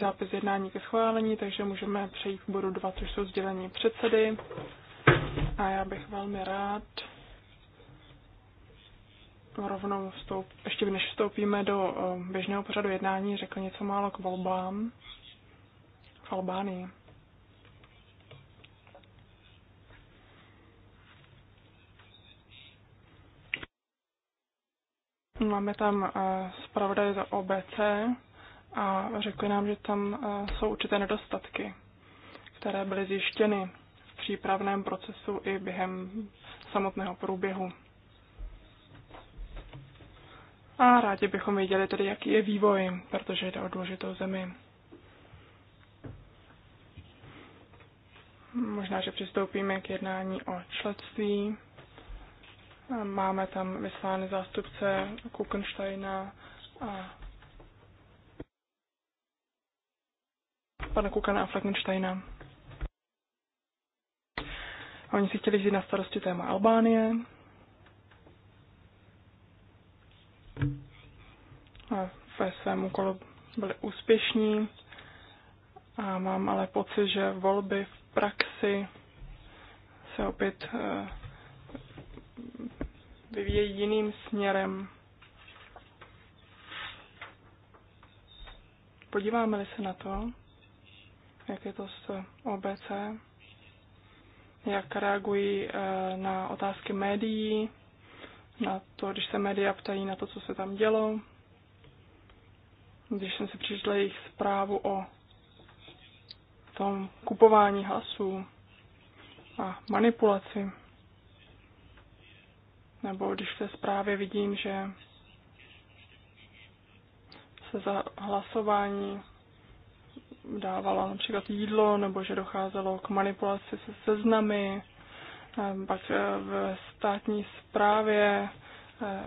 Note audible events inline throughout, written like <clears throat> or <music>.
zápis jednání ke schválení, takže můžeme přejít k bodu 2, což jsou sdělení předsedy. A já bych velmi rád rovnou vstoup, ještě než vstoupíme do eh, běžného pořadu jednání, řekl něco málo k volbám v Albánii. Máme tam eh, zpravodaje za OBC, a řekli nám, že tam eh, jsou určité nedostatky, které byly zjištěny v přípravném procesu i během samotného průběhu. A rádi bychom věděli tedy, jaký je vývoj, protože jde o důležitou zemi. Možná, že přistoupíme k jednání o členství. Máme tam vyslány zástupce Kukensteina a pana Kukana a Fleckensteina. Oni si chtěli vzít na starosti téma Albánie. A ve svém úkolu byli úspěšní. A mám ale pocit, že volby v praxi se opět eh, vyvíjejí jiným směrem. Podíváme-li se na to, jak je to s OBC, jak reagují eh, na otázky médií, na to, když se média ptají na to, co se tam dělo. Když jsem si přišla jejich zprávu o tom kupování hlasů a manipulaci, nebo když v té zprávě vidím, že se za hlasování dávala například jídlo, nebo že docházelo k manipulaci se seznamy, eh, pak eh, v státní správě eh,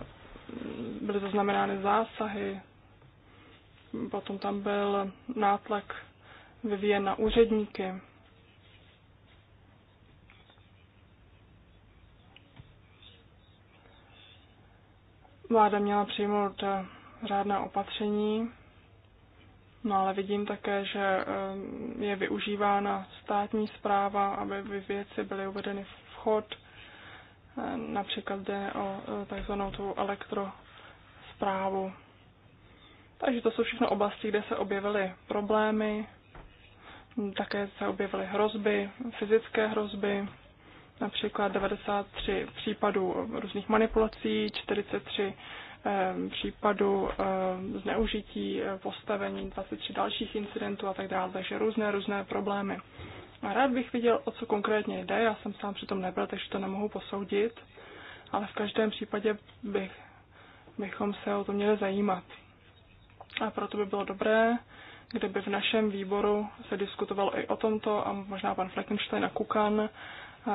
byly zaznamenány zásahy, potom tam byl nátlak vyvíjen na úředníky. Vláda měla přijmout řádná opatření, No ale vidím také, že ehm, je využívána státní zpráva, aby věci byly uvedeny v chod. E, například jde o e, takzvanou tu elektrosprávu. Takže to jsou všechno oblasti, kde se objevily problémy, také se objevily hrozby, fyzické hrozby, například 93 případů různých manipulací, 43 případu zneužití eh, postavení 23 dalších incidentů a tak dále, takže různé, různé problémy. A rád bych viděl, o co konkrétně jde, já jsem sám přitom nebyl, takže to nemohu posoudit, ale v každém případě bych, bychom se o to měli zajímat. A proto by bylo dobré, kdyby v našem výboru se diskutovalo i o tomto a možná pan Fleckenstein a Kukan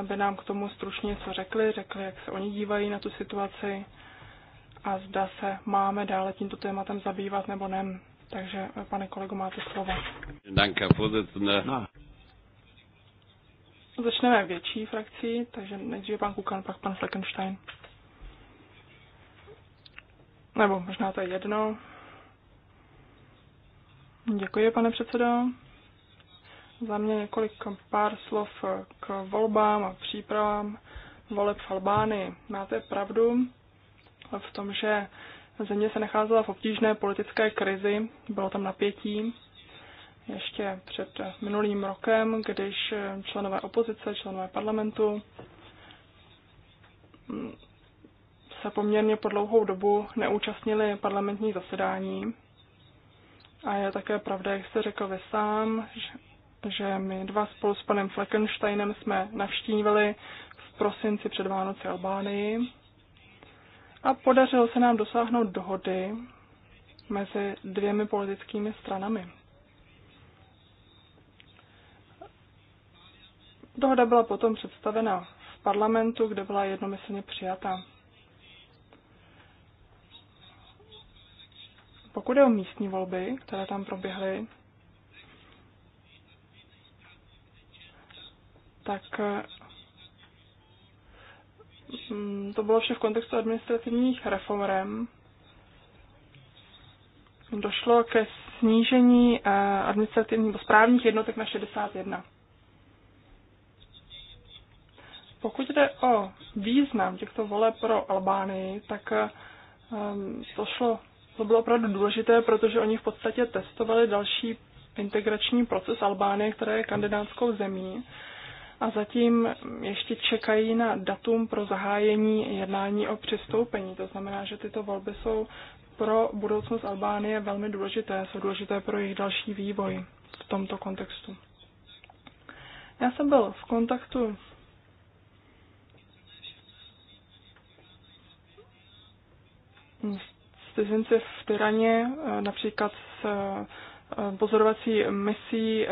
by nám k tomu stručně co řekli, řekli, jak se oni dívají na tu situaci a zda se máme dále tímto tématem zabývat nebo ne. Takže, pane kolego, máte slovo. Danke, no. Začneme větší frakcí, takže nejdříve pan Kukan, pak pan Fleckenstein. Nebo možná to je jedno. Děkuji, pane předsedo. Za mě několik pár slov k volbám a přípravám voleb v Albánii. Máte pravdu, v tom, že země se nacházela v obtížné politické krizi, bylo tam napětí. Ještě před minulým rokem, když členové opozice, členové parlamentu se poměrně po dlouhou dobu neúčastnili parlamentní zasedání. A je také pravda, jak jste řekl vy sám, že my dva spolu s panem Fleckensteinem jsme navštívili v prosinci před Vánoci Albánii a podařilo se nám dosáhnout dohody mezi dvěmi politickými stranami. Dohoda byla potom představena v parlamentu, kde byla jednomyslně přijata. Pokud je o místní volby, které tam proběhly, tak Mm, to bylo vše v kontextu administrativních reform. Došlo ke snížení eh, administrativních nebo správních jednotek na 61. Pokud jde o význam těchto voleb pro Albánii, tak eh, mm, to, šlo, to bylo opravdu důležité, protože oni v podstatě testovali další integrační proces Albánie, která je kandidátskou zemí a zatím ještě čekají na datum pro zahájení jednání o přistoupení. To znamená, že tyto volby jsou pro budoucnost Albánie velmi důležité, jsou důležité pro jejich další vývoj v tomto kontextu. Já jsem byl v kontaktu s cizinci v Tyraně, například s pozorovací misí eh,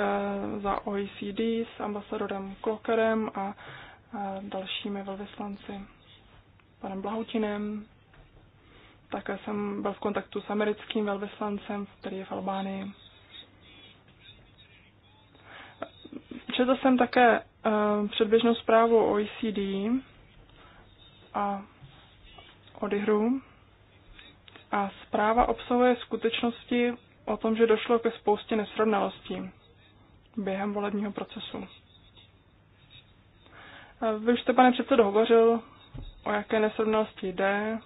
za OECD s ambasadorem Klokerem a eh, dalšími velvyslanci, panem Blahutinem. Také jsem byl v kontaktu s americkým velvyslancem, který je v Albánii. Četl jsem také eh, předběžnou zprávu OECD a odihru. A zpráva obsahuje skutečnosti, o tom, že došlo ke spoustě nesrovnalostí během volebního procesu. Vy už jste, pane předsedo, hovořil, o jaké nesrovnalosti jde.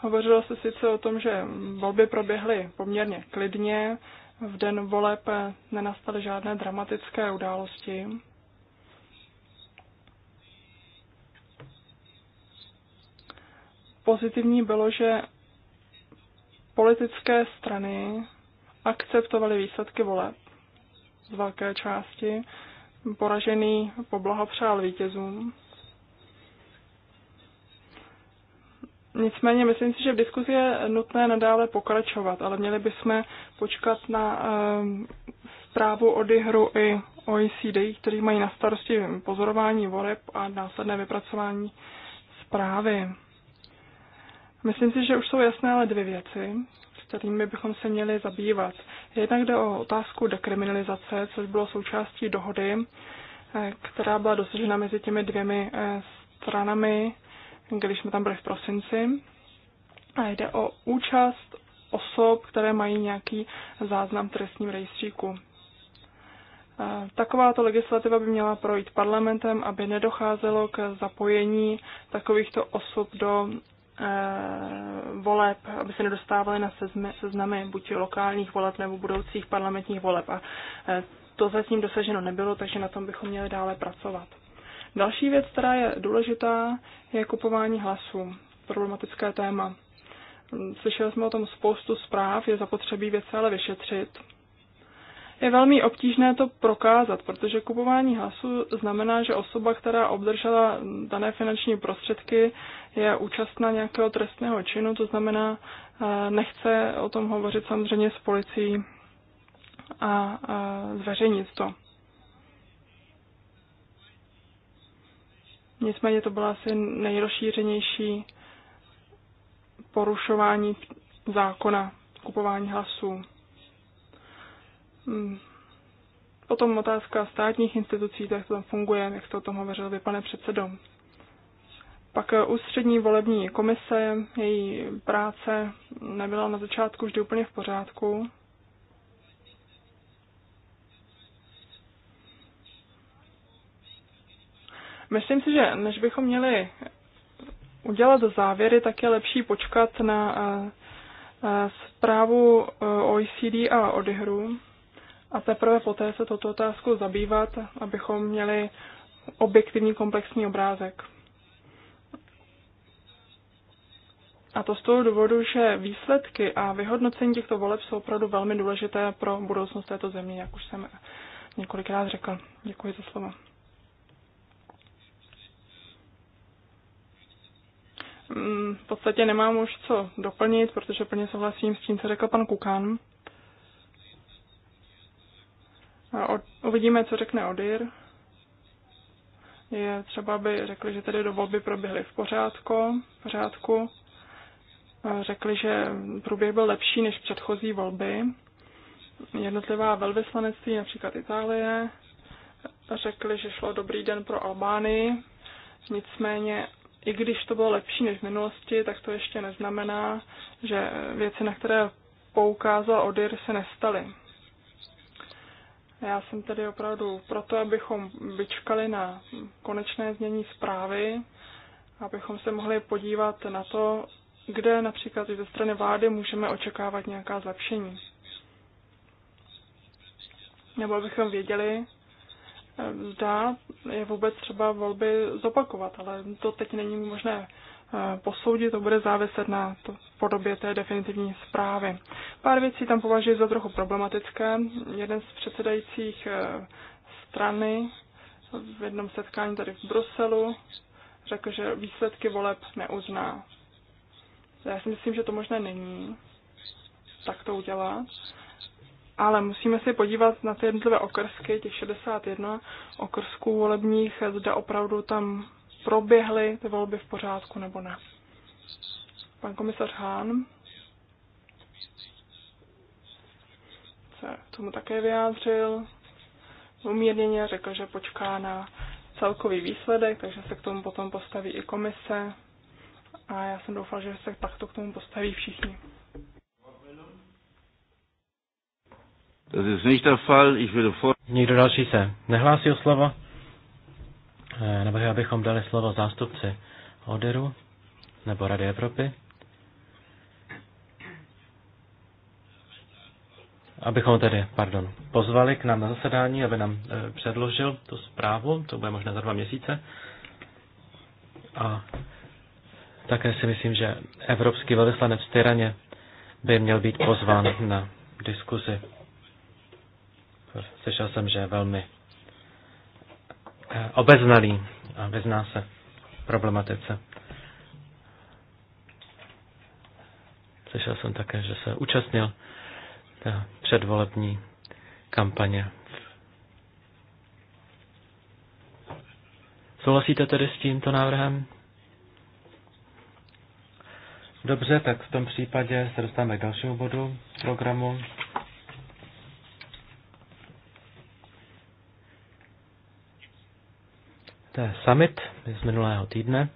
Hovořilo se sice o tom, že volby proběhly poměrně klidně, v den voleb nenastaly žádné dramatické události. Pozitivní bylo, že politické strany akceptovaly výsledky voleb z velké části. Poražený poblahopřál vítězům. Nicméně myslím si, že v diskuzi je nutné nadále pokračovat, ale měli bychom počkat na ehm, e, zprávu o hru i OECD, kteří mají na starosti pozorování voleb a následné vypracování zprávy. Myslím si, že už jsou jasné ale dvě věci, s kterými bychom se měli zabývat. Jednak jde o otázku dekriminalizace, což bylo součástí dohody, eh, která byla dosažena mezi těmi dvěmi eh, stranami, když jsme tam byli v prosinci. A jde o účast osob, které mají nějaký záznam v trestním rejstříku. Eh, takováto legislativa by měla projít parlamentem, aby nedocházelo k zapojení takovýchto osob do Eh, voleb, aby se nedostávaly na seznamy buď lokálních voleb nebo budoucích parlamentních voleb. A eh, to zatím dosaženo nebylo, takže na tom bychom měli dále pracovat. Další věc, která je důležitá, je kupování hlasů. Problematické téma. Slyšeli jsme o tom spoustu zpráv, je zapotřebí věci ale vyšetřit je velmi obtížné to prokázat, protože kupování hlasu znamená, že osoba, která obdržela dané finanční prostředky, je účastna nějakého trestného činu, to znamená, eh, nechce o tom hovořit samozřejmě s policií a zveřejnit to. Nicméně to byla asi nejrozšířenější porušování zákona kupování hlasů. Mm. Potom otázka státních institucí, jak to tam funguje, jak jste o tom hovořil vy, pane předsedo. Pak eh, ústřední volební komise, její práce nebyla na začátku vždy úplně v pořádku. Myslím si, že než bychom měli udělat závěry, tak je lepší počkat na eh, eh, zprávu OECD a odehru a teprve poté se toto otázku zabývat, abychom měli objektivní komplexní obrázek. A to z toho důvodu, že výsledky a vyhodnocení těchto voleb jsou opravdu velmi důležité pro budoucnost této země, jak už jsem několikrát řekl. Děkuji za slovo. V podstatě nemám už co doplnit, protože plně souhlasím s tím, co řekl pan Kukan. Uvidíme, co řekne Odir. Je třeba, by řekli, že tedy do volby proběhly v pořádku, v pořádku. Řekli, že průběh byl lepší než předchozí volby. Jednotlivá velvyslanectví, například Itálie, řekli, že šlo dobrý den pro Albánii. Nicméně, i když to bylo lepší než v minulosti, tak to ještě neznamená, že věci, na které poukázal Odir, se nestaly. Já jsem tedy opravdu proto, abychom vyčkali na konečné změní zprávy, abychom se mohli podívat na to, kde například i ze strany vlády můžeme očekávat nějaká zlepšení. Nebo abychom věděli, eh, zda je vůbec třeba volby zopakovat, ale to teď není možné Eh, posoudit, to bude záviset na to, podobě té definitivní zprávy. Pár věcí tam považuji za trochu problematické. Jeden z předsedajících eh, strany v jednom setkání tady v Bruselu řekl, že výsledky voleb neuzná. Já si myslím, že to možné není tak to udělat, ale musíme si podívat na ty jednotlivé okrsky, těch 61 okrsků volebních, zda opravdu tam proběhly ty volby v pořádku nebo ne. Pan komisař Hahn se tomu také vyjádřil umírněně, řekl, že počká na celkový výsledek, takže se k tomu potom postaví i komise a já jsem doufal, že se takto k tomu postaví všichni. Nikdo další se nehlásí o slovo. Eh, navrhuji, abychom dali slovo zástupci Oderu nebo Rady Evropy, abychom tedy, pardon, pozvali k nám na zasedání, aby nám eh, předložil tu zprávu, to bude možná za dva měsíce. A také si myslím, že evropský velvyslanec v Tyraně by měl být pozván na diskuzi. Slyšel jsem, že je velmi Eh, obeznalý a vyzná se problematice. Slyšel jsem také, že se účastnil předvolební kampaně. Souhlasíte tedy s tímto návrhem? Dobře, tak v tom případě se dostáváme k dalšímu bodu programu. To je summit z minulého týdne.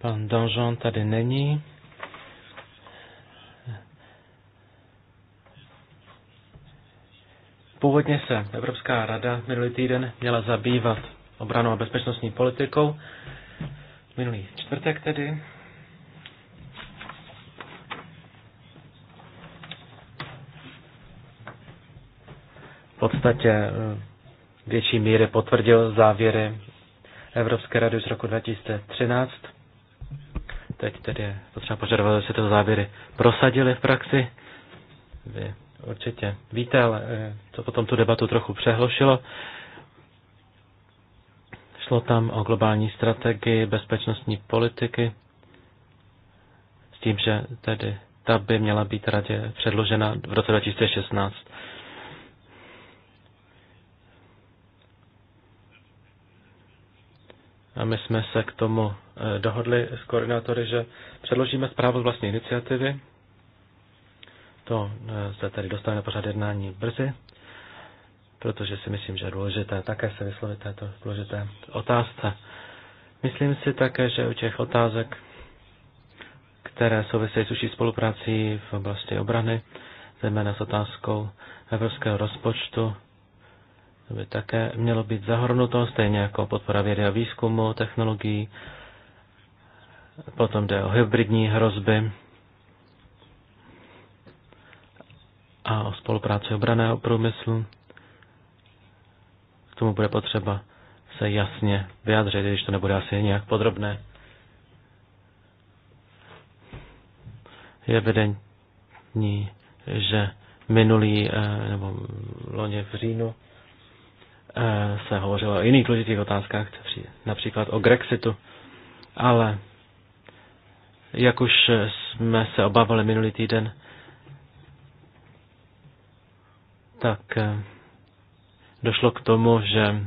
Pan Donjon tady není. Původně se Evropská rada minulý týden měla zabývat obranou a bezpečnostní politikou. Minulý čtvrtek tedy. V podstatě eh, větší míry potvrdil závěry Evropské rady z roku 2013. Teď tedy je potřeba požadovat, aby se ty závěry prosadily v praxi. Vy určitě víte, ale eh, to potom tu debatu trochu přehlošilo. Šlo tam o globální strategii bezpečnostní politiky s tím, že tedy ta by měla být radě předložena v roce 2016. A my jsme se k tomu eh, dohodli s koordinátory, že předložíme zprávu z vlastní iniciativy. To eh, se tady dostane pořád jednání brzy, protože si myslím, že je důležité také se vyslovit této důležité otázce. Myslím si také, že u těch otázek, které souvisejí s uší spoluprací v oblasti obrany, zejména s otázkou evropského rozpočtu, to by také mělo být zahrnuto, stejně jako podpora vědy a výzkumu, technologií. Potom jde o hybridní hrozby a o spolupráci obraného průmyslu. K tomu bude potřeba se jasně vyjádřit, když to nebude asi nějak podrobné. Je vedení, že minulý, eh, nebo loni v říjnu, Eh, se hovořilo o jiných důležitých otázkách, například o Grexitu, ale jak už jsme se obávali minulý týden, tak eh, došlo k tomu, že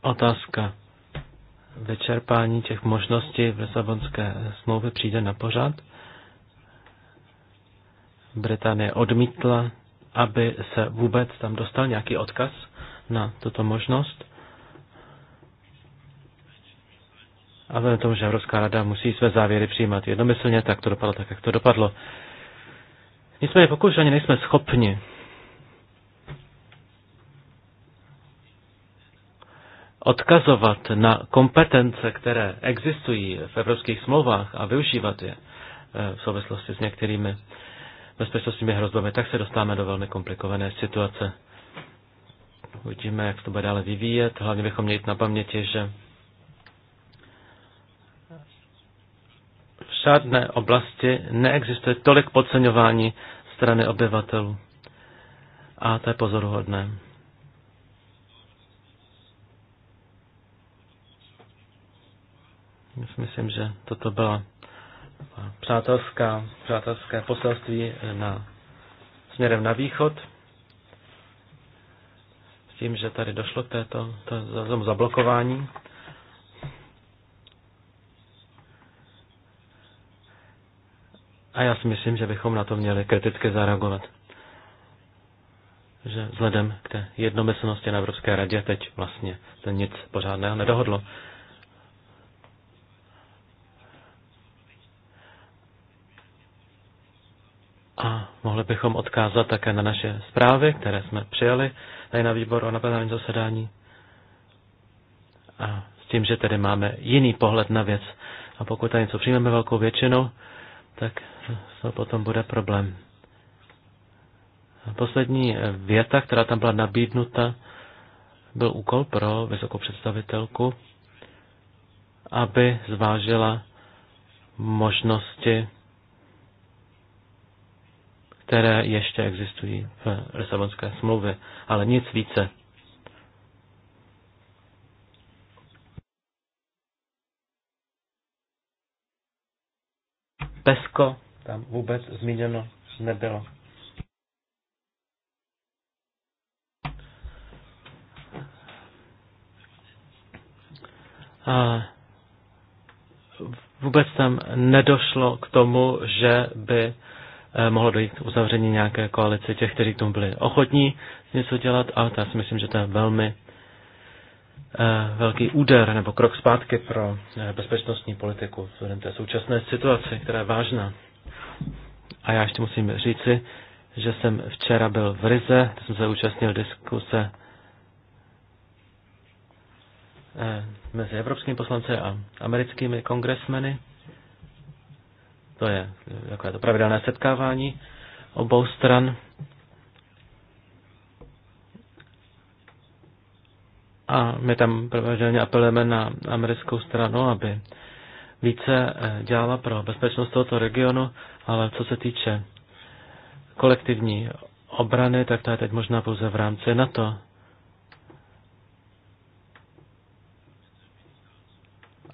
otázka vyčerpání těch možností v Lisabonské smlouvy přijde na pořád. Británie odmítla aby se vůbec tam dostal nějaký odkaz na tuto možnost. A vzhledem tomu, že Evropská rada musí své závěry přijímat jednomyslně, tak to dopadlo tak, jak to dopadlo. Nicméně, pokud ani nejsme schopni odkazovat na kompetence, které existují v evropských smlouvách a využívat je eh, v souvislosti s některými bezpečnostními hrozbami, tak se dostáváme do velmi komplikované situace. Uvidíme, jak se to bude dále vyvíjet. Hlavně bychom měli na paměti, že v žádné oblasti neexistuje tolik podceňování strany obyvatelů. A to je pozoruhodné. Myslím, že toto byla přátelská, přátelské poselství na, směrem na východ, s tím, že tady došlo k této, to, zablokování. A já si myslím, že bychom na to měli kriticky zareagovat. Že vzhledem k té jednomyslnosti na Evropské radě teď vlastně se nic pořádného nedohodlo. A mohli bychom odkázat také na naše zprávy, které jsme přijali tady na výbor o na zasedání. A s tím, že tedy máme jiný pohled na věc. A pokud tady něco přijmeme velkou většinou, tak to potom bude problém. Poslední věta, která tam byla nabídnuta, byl úkol pro vysokou představitelku, aby zvážila možnosti které ještě existují v Lisabonské smlouvě, ale nic více. Pesko? tam vůbec zmíněno nebylo. A vůbec tam nedošlo k tomu, že by Eh, mohlo dojít k uzavření nějaké koalice těch, kteří k tomu byli ochotní něco dělat, ale to já si myslím, že to je velmi eh, velký úder nebo krok zpátky pro eh, bezpečnostní politiku v té současné situaci, která je vážná. A já ještě musím říci, že jsem včera byl v Rize, kde jsem se účastnil diskuse mezi evropskými poslanci a americkými kongresmeny. To je jako je to pravidelné setkávání obou stran. A my tam pravidelně apelujeme na americkou stranu, aby více eh, dělala pro bezpečnost tohoto regionu, ale co se týče kolektivní obrany, tak to je teď možná pouze v rámci NATO.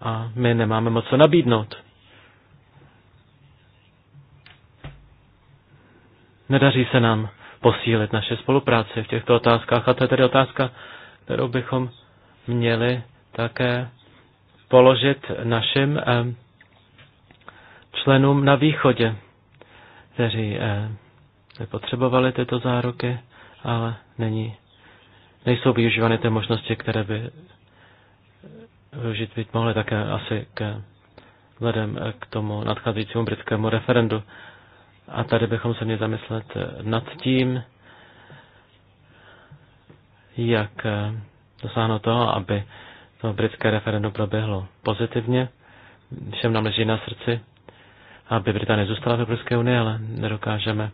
A my nemáme moc co nabídnout. Nedaří se nám posílit naše spolupráci v těchto otázkách. A to je tedy otázka, kterou bychom měli také položit našim eh, členům na východě, kteří eh, nepotřebovali tyto záruky, ale není, nejsou využívány ty možnosti, které by využít být mohly také asi k eh, vzhledem k tomu nadcházejícímu britskému referendu. A tady bychom se měli zamyslet nad tím, jak eh, dosáhnout toho, aby to britské referendum proběhlo pozitivně. Všem nám leží na srdci, aby Británie zůstala v Evropské unii, ale nedokážeme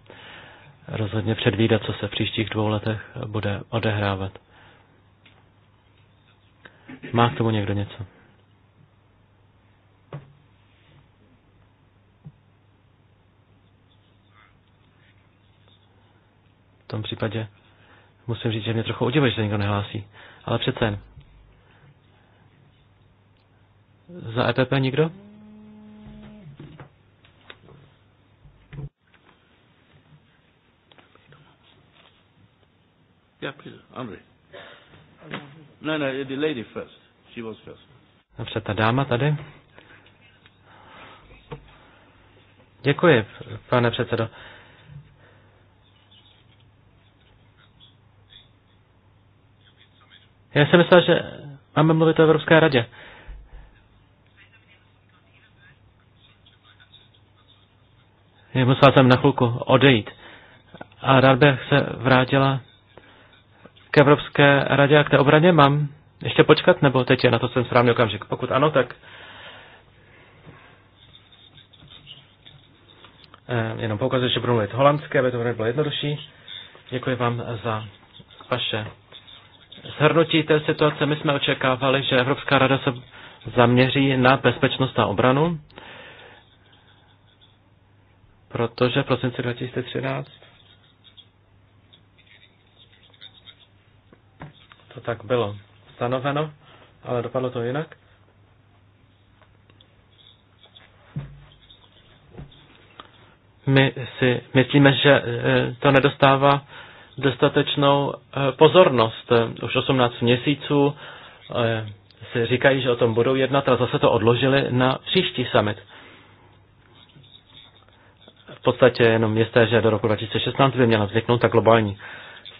rozhodně předvídat, co se v příštích dvou letech bude odehrávat. Má k tomu někdo něco? V tom případě musím říct, že mě trochu udivuje, že se nikdo nehlásí. Ale přece Za EPP nikdo? Já, please, Andrei. No, no, the lady first. She was first. Dobře, ta dáma tady. Děkuji, pane předsedo. Já jsem myslel, že máme mluvit o Evropské radě. Musela jsem na chvilku odejít. A rád bych se vrátila k Evropské radě a k té obraně. Mám ještě počkat, nebo teď je na to ten správný okamžik? Pokud ano, tak eh, jenom poukazuje, že budu mluvit holandské, aby to bylo jednodušší. Děkuji vám za vaše shrnutí té situace my jsme očekávali, že Evropská rada se zaměří na bezpečnost a obranu, protože v prosinci 2013 to tak bylo stanoveno, ale dopadlo to jinak. My si myslíme, že eh, to nedostává dostatečnou eh, pozornost. Už 18 měsíců eh, si říkají, že o tom budou jednat, a zase to odložili na příští summit. V podstatě jenom jisté, že do roku 2016 by měla vzniknout ta globální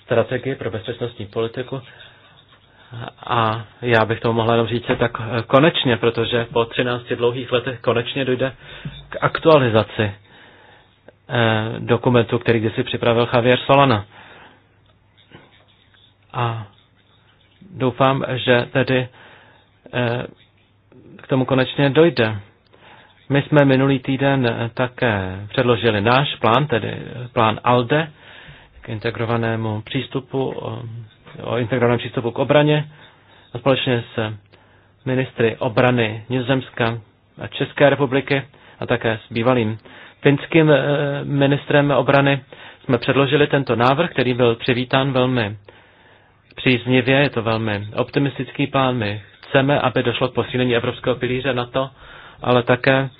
strategie pro bezpečnostní politiku. A já bych tomu mohla jenom říct tak eh, konečně, protože po 13 dlouhých letech konečně dojde k aktualizaci dokumentu, který kdysi připravil Javier Solana. A doufám, že tedy eh, k tomu konečně dojde. My jsme minulý týden eh, také předložili náš plán, tedy eh, plán ALDE, k integrovanému přístupu, o integrovaném přístupu k obraně a společně s ministry obrany Nizozemska a České republiky a také s bývalým finským ministrem obrany jsme předložili tento návrh, který byl přivítán velmi příznivě, je to velmi optimistický plán. My chceme, aby došlo k posílení evropského pilíře na to, ale také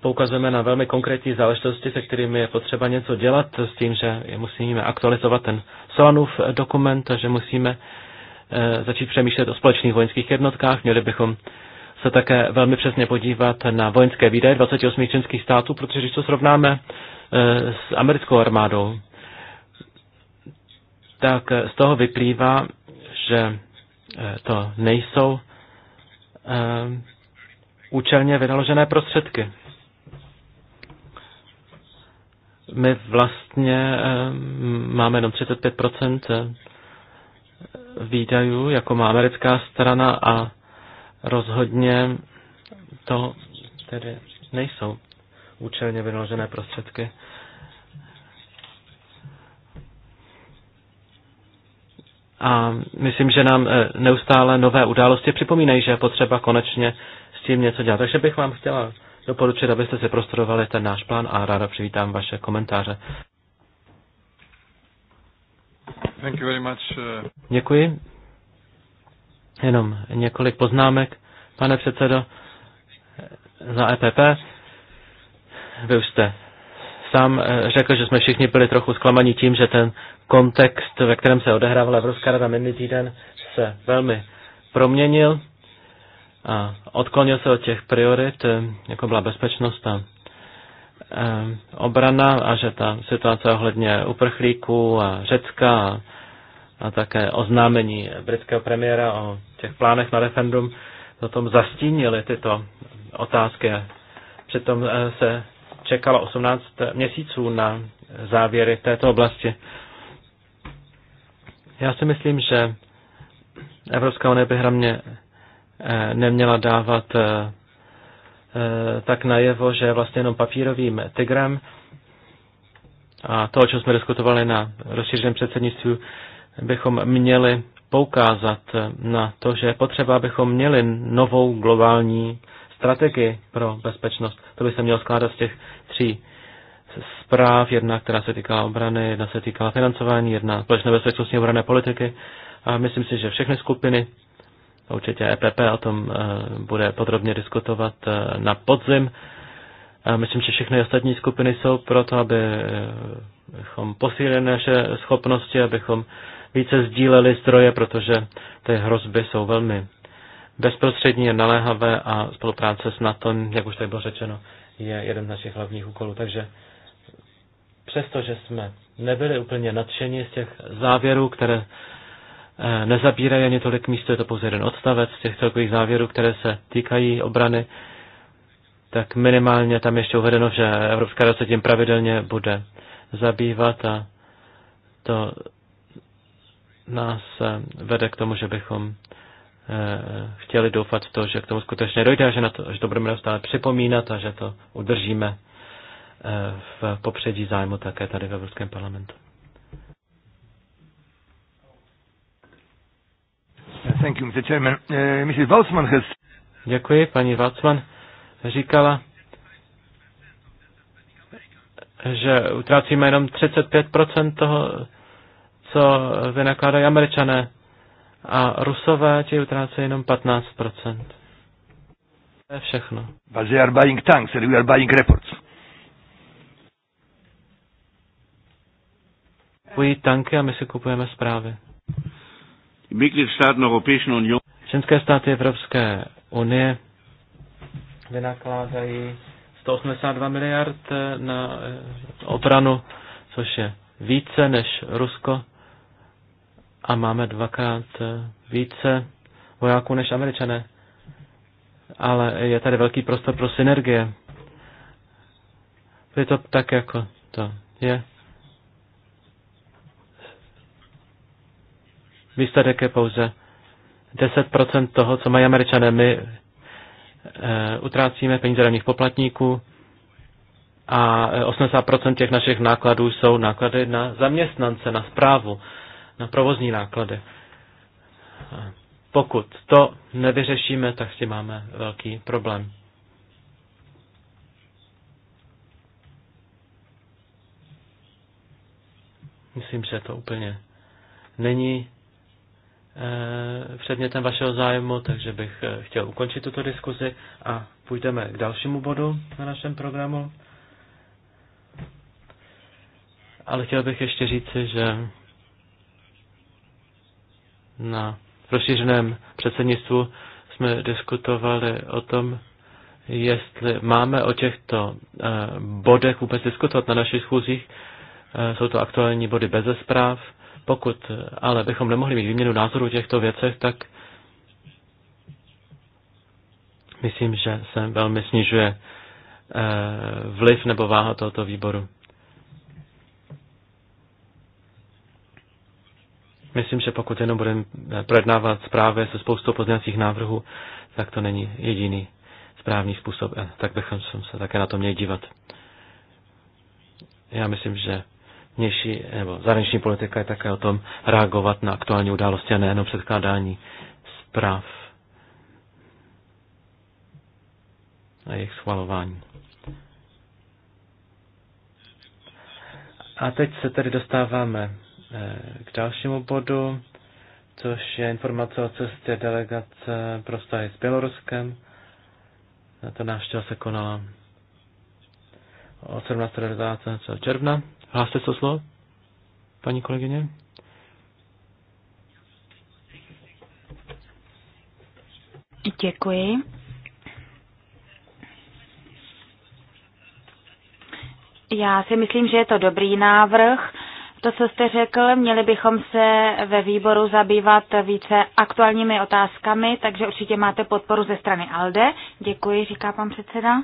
poukazujeme na velmi konkrétní záležitosti, se kterými je potřeba něco dělat, s tím, že musíme aktualizovat ten Solanův dokument, že musíme eh, začít přemýšlet o společných vojenských jednotkách. Měli bychom se také velmi přesně podívat na vojenské výdaje 28 členských států, protože když to srovnáme eh, s americkou armádou, tak z toho vyplývá, že eh, to nejsou eh, účelně vynaložené prostředky. My vlastně eh, máme jenom 35 výdajů, jako má americká strana a rozhodně to tedy nejsou účelně vynaložené prostředky. A myslím, že nám eh, neustále nové události připomínají, že je potřeba konečně s tím něco dělat. Takže bych vám chtěla doporučit, abyste si prostorovali ten náš plán a ráda přivítám vaše komentáře. Thank you very much. Eh. Děkuji. Jenom několik poznámek, pane předsedo, za EPP. Vy už jste sám eh, řekl, že jsme všichni byli trochu zklamaní tím, že ten kontext, ve kterém se odehrávala Evropská rada minulý týden, se velmi proměnil a odklonil se od těch priorit, eh, jako byla bezpečnost a eh, obrana a že ta situace ohledně uprchlíků a Řecka a, a také oznámení britského premiéra o těch plánech na referendum o tom zastínili tyto otázky. Přitom eh, se čekalo 18 měsíců na závěry této oblasti. Já si myslím, že Evropská unie by mě eh, neměla dávat eh, eh, tak najevo, že je vlastně jenom papírovým tigrem. A to, o čem jsme diskutovali na rozšířeném předsednictví, bychom měli poukázat na to, že je potřeba, abychom měli novou globální strategii pro bezpečnost. To by se mělo skládat z těch tří zpráv, jedna, která se týká obrany, jedna se týká financování, jedna společné bezpečnostní obrané politiky. A myslím si, že všechny skupiny, určitě EPP o tom eh, bude podrobně diskutovat eh, na podzim. A myslím, že všechny ostatní skupiny jsou proto, abychom eh, posílili naše schopnosti, abychom více sdíleli zdroje, protože ty hrozby jsou velmi bezprostřední, naléhavé a spolupráce s NATO, jak už tady bylo řečeno, je jeden z našich hlavních úkolů. Takže přestože jsme nebyli úplně nadšeni z těch závěrů, které eh, nezabírají ani tolik místo, je to pouze jeden odstavec z těch celkových závěrů, které se týkají obrany, tak minimálně tam ještě uvedeno, že Evropská rada se tím pravidelně bude zabývat a to nás eh, vede k tomu, že bychom eh, chtěli doufat v to, že k tomu skutečně dojde a že, na to, že to budeme neustále připomínat a že to udržíme v popředí zájmu také tady v Evropském parlamentu. Thank you, Mr. Chairman. Eh, Mrs. has... Děkuji, paní Waltzman říkala, že utrácíme jenom 35% toho, co vynakládají američané a rusové ti utrácí jenom 15%. To je všechno. But they are buying tanks and we are buying reports. kupují tanky a my si kupujeme zprávy. Členské státy Evropské unie vynakládají 182 miliard na eh, obranu, což je více než Rusko a máme dvakrát eh, více vojáků než američané. Ale je tady velký prostor pro synergie. Je to tak, jako to je. Výsledek je pouze 10% toho, co mají američané. My e, utrácíme peníze daných poplatníků a 80% eh, těch našich nákladů jsou náklady na zaměstnance, na zprávu, na provozní náklady. Pokud to nevyřešíme, tak si máme velký problém. Myslím, že to úplně není Eh, předmětem vašeho zájmu, takže bych eh, chtěl ukončit tuto diskuzi a půjdeme k dalšímu bodu na našem programu. Ale chtěl bych ještě říci, že na rozšířeném předsednictvu jsme diskutovali o tom, jestli máme o těchto eh, bodech vůbec diskutovat na našich schůzích. Jsou to aktuální body bez zpráv pokud ale bychom nemohli mít výměnu názorů v těchto věcech, tak myslím, že se velmi snižuje eh, vliv nebo váha tohoto výboru. Myslím, že pokud jenom budeme projednávat zprávy se spoustou pozměňovacích návrhů, tak to není jediný správný způsob. Tak bychom se také na to měli dívat. Já myslím, že vnější, nebo zahraniční politika je také o tom reagovat na aktuální události a nejenom předkládání zpráv a jejich schvalování. A teď se tedy dostáváme eh, k dalšímu bodu, což je informace o cestě delegace pro vztahy s Běloruskem. Ta návštěva se konala od 17. 19. června Hláste to slovo, paní kolegyně? Děkuji. Já si myslím, že je to dobrý návrh. To, co jste řekl, měli bychom se ve výboru zabývat více aktuálními otázkami, takže určitě máte podporu ze strany ALDE. Děkuji, říká pan předseda.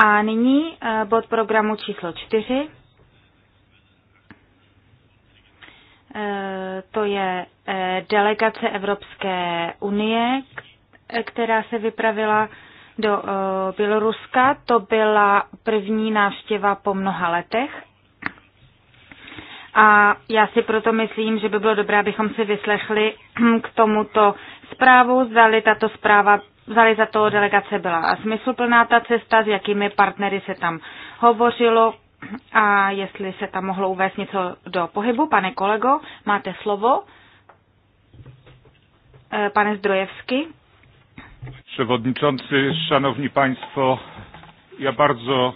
A nyní eh, bod programu číslo čtyři. Eh, to je eh, delegace Evropské unie, která se vypravila do Běloruska. To byla první návštěva po mnoha letech. A já si proto myslím, že by bylo dobré, abychom si vyslechli <clears throat> k tomuto zprávu, zdali tato zpráva vzali za toho delegace byla smysluplná ta cesta, s jakými partnery se tam hovořilo a jestli se tam mohlo uvést něco do pohybu. Pane kolego, máte slovo. Eh, pane Zdrojevsky. Przewodniczący, szanowni państwo, ja bardzo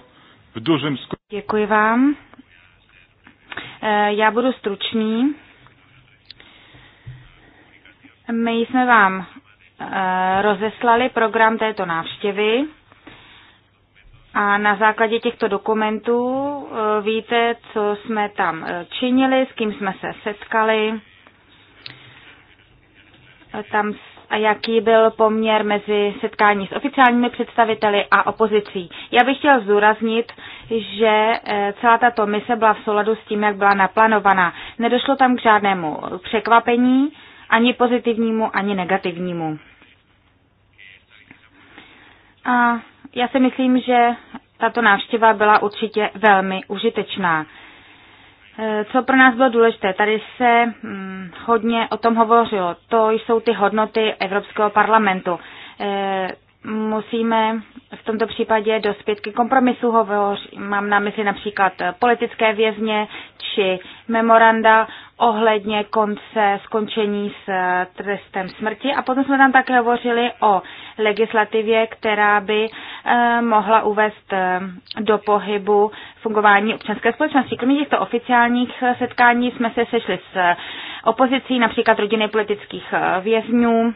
v dużym skutku. Děkuji vám. Eh, já budu stručný. My jsme vám Eh, rozeslali program této návštěvy. A na základě těchto dokumentů eh, víte, co jsme tam eh, činili, s kým jsme se setkali, tam a jaký byl poměr mezi setkání s oficiálními představiteli a opozicí. Já bych chtěl zdůraznit, že celá tato mise byla v souladu s tím, jak byla naplánovaná. Nedošlo tam k žádnému překvapení, ani pozitivnímu, ani negativnímu. A já si myslím, že tato návštěva byla určitě velmi užitečná. E, co pro nás bylo důležité, tady se mm, hodně o tom hovořilo, to jsou ty hodnoty Evropského parlamentu. E, musíme v tomto případě dospět ke kompromisu. Mám na mysli například politické vězně či memoranda ohledně konce skončení s trestem smrti. A potom jsme tam také hovořili o legislativě, která by eh, mohla uvést eh, do pohybu fungování občanské společnosti. Kromě těchto oficiálních eh, setkání jsme se sešli s opozicí, například rodiny politických vězňů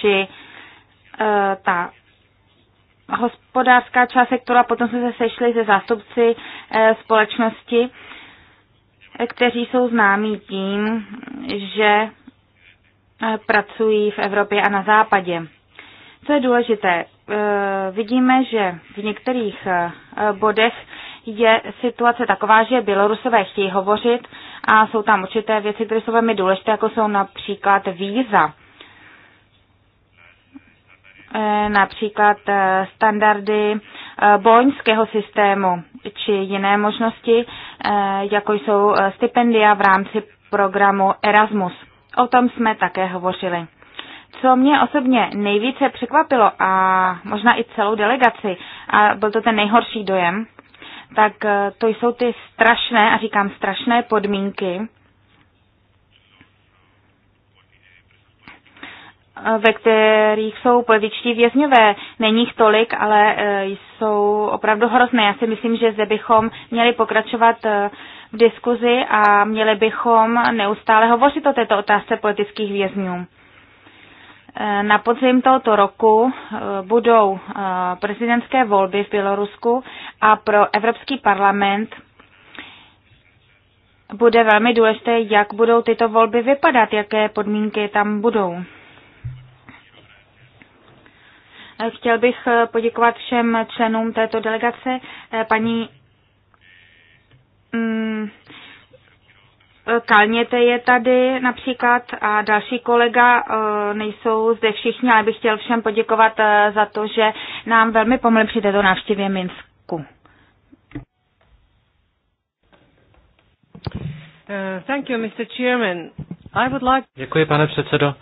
či Eh, ta hospodářská část sektoru a potom jsme se sešli se zástupci eh, společnosti, eh, kteří jsou známí tím, že pracují v Evropě a na západě. Co je důležité, vidíme, že v některých bodech je situace taková, že Bělorusové chtějí hovořit a jsou tam určité věci, které jsou velmi důležité, jako jsou například víza. Eh, například eh, standardy eh, boňského systému či jiné možnosti, jako jsou stipendia v rámci programu Erasmus. O tom jsme také hovořili. Co mě osobně nejvíce překvapilo a možná i celou delegaci, a byl to ten nejhorší dojem, tak to jsou ty strašné, a říkám strašné podmínky, ve kterých jsou političtí vězňové. Není jich tolik, ale e, jsou opravdu hrozné. Já si myslím, že zde bychom měli pokračovat e, v diskuzi a měli bychom neustále hovořit o této otázce politických vězňů. E, na podzim tohoto roku budou prezidentské volby v Bělorusku a pro Evropský parlament bude velmi důležité, jak budou tyto volby vypadat, jaké podmínky tam budou. Chtěl bych eh, poděkovat všem členům této delegace, eh, paní mm, Kalněte je tady například a další kolega, eh, nejsou zde všichni, ale bych chtěl všem poděkovat za to, že nám velmi pomohli při této návštěvě Minsku. Děkuji, pane předsedo.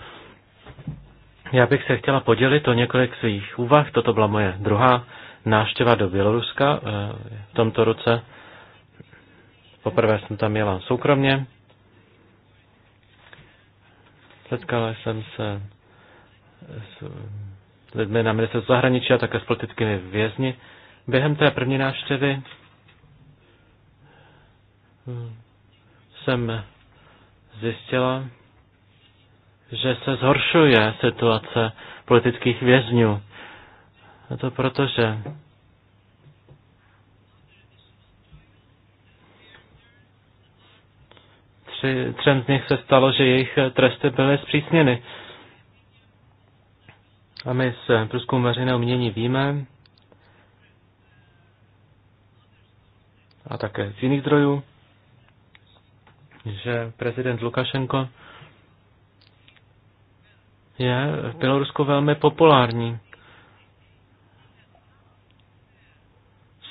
Já bych se chtěla podělit o několik svých úvah. Toto byla moje druhá návštěva do Běloruska eh, v tomto roce. Poprvé jsem tam jela soukromně. Setkala jsem se s lidmi na ministerstvu zahraničí a také s politickými vězni. Během té první návštěvy hm. jsem zjistila, že se zhoršuje situace politických vězňů. A to proto, že tři, třem z nich se stalo, že jejich tresty byly zpřísněny. A my z průzkumu veřejného mění víme, a také z jiných zdrojů, že prezident Lukašenko je v Bělorusku velmi populární.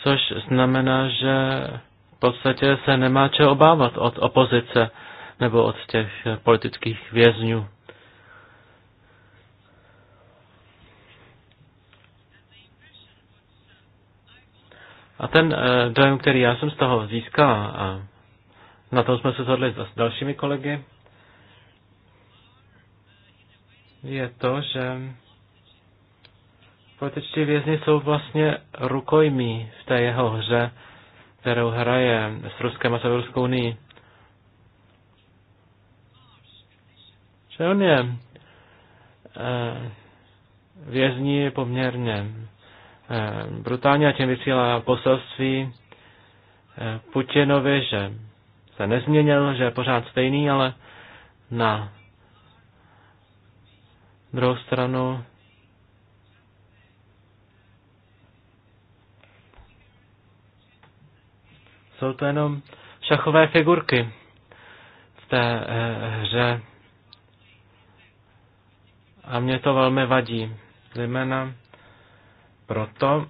Což znamená, že v podstatě se nemá čeho obávat od opozice nebo od těch politických vězňů. A ten eh, dojem, který já jsem z toho získal, a na tom jsme se shodli s dalšími kolegy, je to, že političtí vězni jsou vlastně rukojmí v té jeho hře, kterou hraje s Ruskem a Severskou unii. Že on je eh, vězní poměrně eh, brutálně a tím vysílá poselství eh, Putinovi, že se nezměnil, že je pořád stejný, ale na druhou stranu jsou to jenom šachové figurky v té eh, hře. A mě to velmi vadí, zejména proto,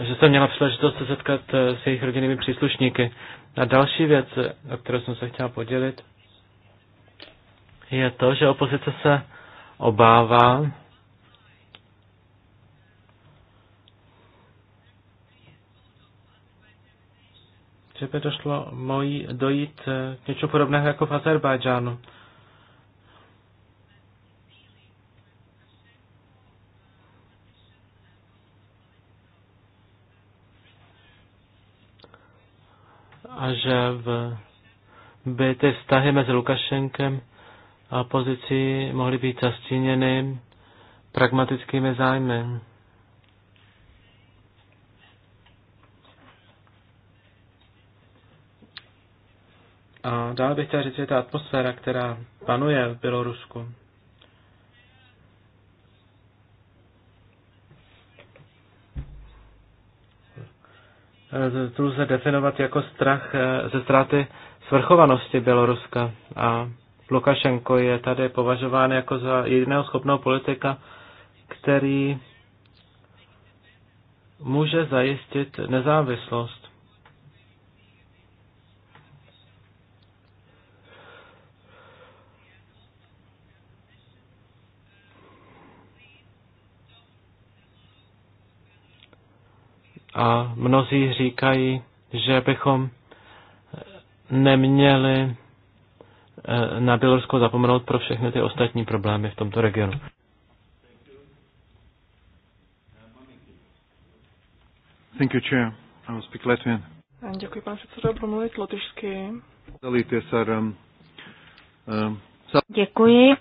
že jsem měla příležitost se setkat eh, s jejich rodinnými příslušníky a další věc, o kterou jsem se chtěl podělit, je to, že opozice se obává, že by došlo mojí dojít k něčemu podobného jako v Azerbajdžánu. a že v, by ty vztahy mezi Lukašenkem a pozicí mohly být zastíněny pragmatickými zájmy. A dále bych chtěl říct, že ta atmosféra, která panuje v Bělorusku, to eh, lze definovat jako strach eh, ze ztráty svrchovanosti Běloruska. A Lukašenko je tady považován jako za jediného schopného politika, který může zajistit nezávislost. a mnozí říkají, že bychom neměli eh, na Bělorusko zapomenout pro všechny ty ostatní problémy v tomto regionu. Thank you, Chair. I will speak Latvian. Děkuji, pane předsedo, budu mluvit lotyšsky. Um, um, Děkuji.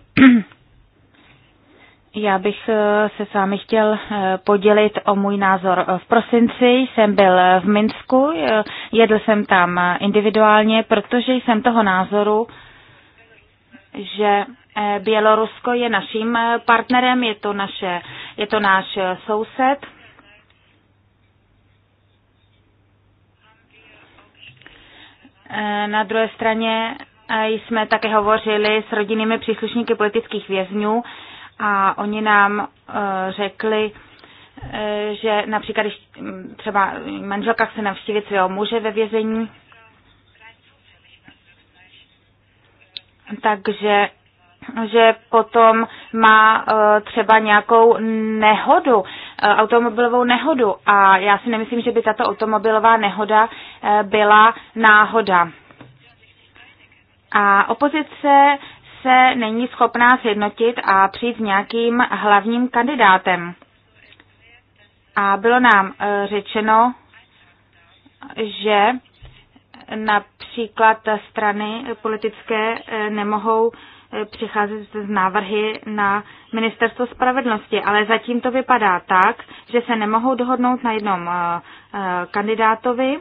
Já bych eh, se s vámi chtěl eh, podělit o můj názor. V prosinci jsem byl v Minsku, eh, jedl jsem tam individuálně, protože jsem toho názoru, že Bělorusko je naším partnerem, je to, naše, je to náš soused. Na druhé straně jsme také hovořili s rodinnými příslušníky politických vězňů, a oni nám eh, řekli, eh, že například, když mm, třeba manželka chce navštívit svého muže ve vězení, takže že potom má eh, třeba nějakou nehodu, automobilovou nehodu. A já si nemyslím, že by tato automobilová nehoda byla náhoda. A opozice se není schopná sjednotit a přijít s nějakým hlavním kandidátem. A bylo nám eh, řečeno, že například strany politické eh, nemohou eh, přicházet z návrhy na ministerstvo spravedlnosti, ale zatím to vypadá tak, že se nemohou dohodnout na jednom kandidátovi,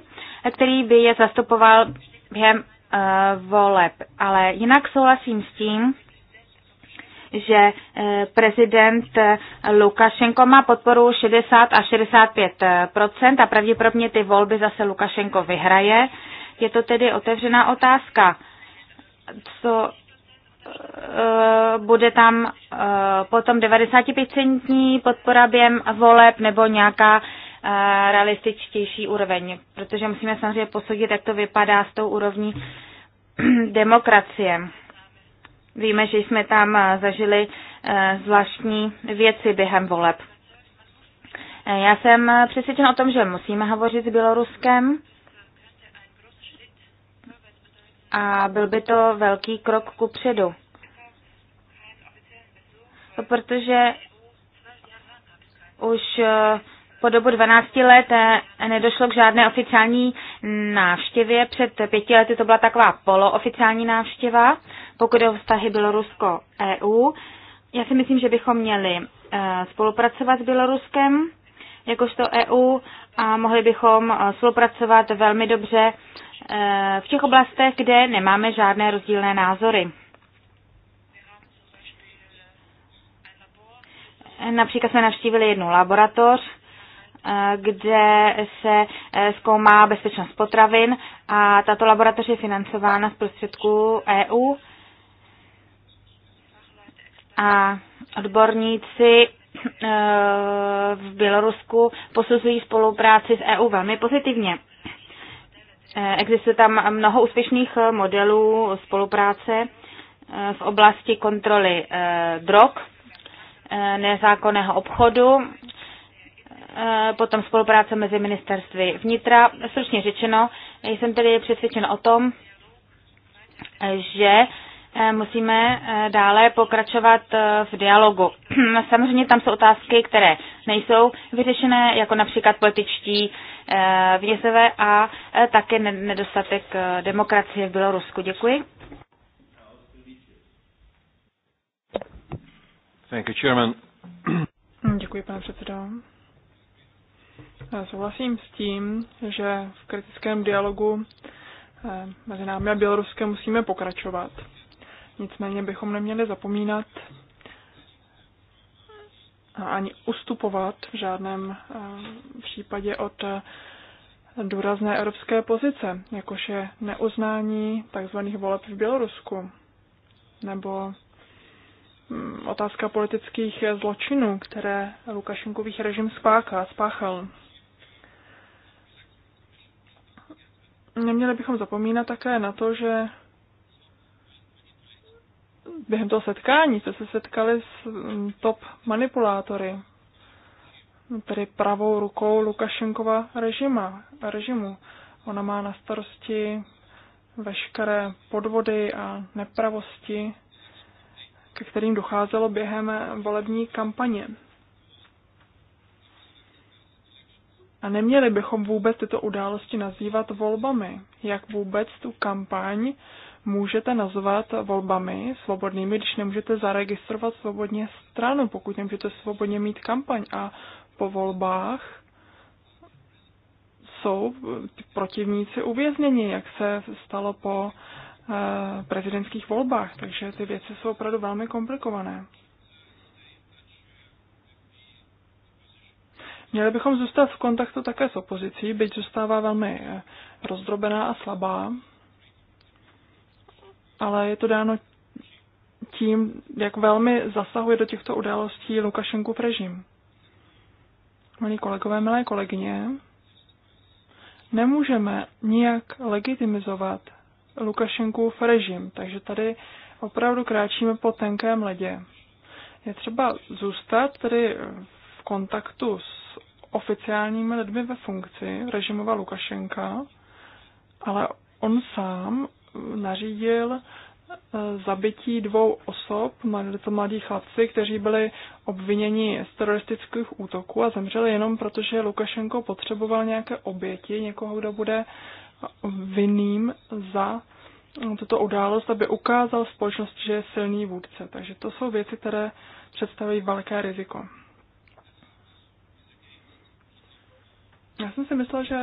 který by je zastupoval během Eh, voleb. Ale jinak souhlasím s tím, že eh, prezident eh, Lukašenko má podporu 60 a 65 a pravděpodobně ty volby zase Lukašenko vyhraje. Je to tedy otevřená otázka, co bude tam potom 95% podpora během voleb nebo nějaká realističtější úroveň, protože musíme samozřejmě posoudit, jak to vypadá s tou úrovní <clears throat> demokracie. Víme, že jsme tam eh, zažili eh, zvláštní věci během voleb. Eh, já jsem přesvědčen o tom, že musíme hovořit s Běloruskem a byl by to velký krok ku předu. No, protože už po dobu 12 let eh, nedošlo k žádné oficiální návštěvě. Před pěti lety to byla taková polooficiální návštěva, pokud o vztahy Bělorusko-EU. Já si myslím, že bychom měli eh, spolupracovat s Běloruskem jakožto EU a mohli bychom eh, spolupracovat velmi dobře v těch oblastech, kde nemáme žádné rozdílné názory. Například jsme navštívili jednu laboratoř, Eh, kde se eh, zkoumá bezpečnost potravin a tato laboratoř je financována z prostředků EU. A odborníci eh, v Bělorusku posuzují spolupráci s EU velmi pozitivně. Existuje tam mnoho úspěšných modelů spolupráce v oblasti kontroly drog, nezákonného obchodu Eh, potom spolupráce mezi ministerstvy vnitra. Stručně řečeno, jsem tedy přesvědčen o tom, že eh, musíme eh, dále pokračovat v dialogu. <clears throat> Samozřejmě tam jsou otázky, které nejsou vyřešené, jako například političtí vězové a také nedostatek demokracie v Bělorusku. Děkuji. Thank you, Chairman. Děkuji, pane předsedo. Souhlasím s tím, že v kritickém dialogu eh, mezi námi a Běloruskem musíme pokračovat. Nicméně bychom neměli zapomínat ani ustupovat v žádném eh, případě od eh, důrazné evropské pozice, jakož je neuznání tzv. voleb v Bělorusku nebo mm, otázka politických zločinů, které Lukašenkových režim spáchal. Neměli bychom zapomínat také na to, že během toho setkání jste se setkali s mm, top manipulátory, tedy pravou rukou Lukašenkova režima, režimu. Ona má na starosti veškeré podvody a nepravosti, ke kterým docházelo během volební kampaně. A neměli bychom vůbec tyto události nazývat volbami. Jak vůbec tu kampaň můžete nazvat volbami svobodnými, když nemůžete zaregistrovat svobodně stranu, pokud nemůžete svobodně mít kampaň. A po volbách jsou protivníci uvězněni, jak se stalo po eh, prezidentských volbách. Takže ty věci jsou opravdu velmi komplikované. Měli bychom zůstat v kontaktu také s opozicí, byť zůstává velmi eh, rozdrobená a slabá, ale je to dáno tím, jak velmi zasahuje do těchto událostí Lukašenkův režim. Milí kolegové, milé kolegyně, nemůžeme nijak legitimizovat Lukašenkův režim, takže tady opravdu kráčíme po tenkém ledě. Je třeba zůstat tedy v kontaktu s oficiálními lidmi ve funkci režimova Lukašenka, ale on sám nařídil eh, zabití dvou osob, to mladí chlapci, kteří byli obviněni z teroristických útoků a zemřeli jenom proto, že Lukašenko potřeboval nějaké oběti, někoho, kdo bude vinným za tuto událost, aby ukázal společnosti, že je silný vůdce. Takže to jsou věci, které představují velké riziko. Já jsem si myslela, že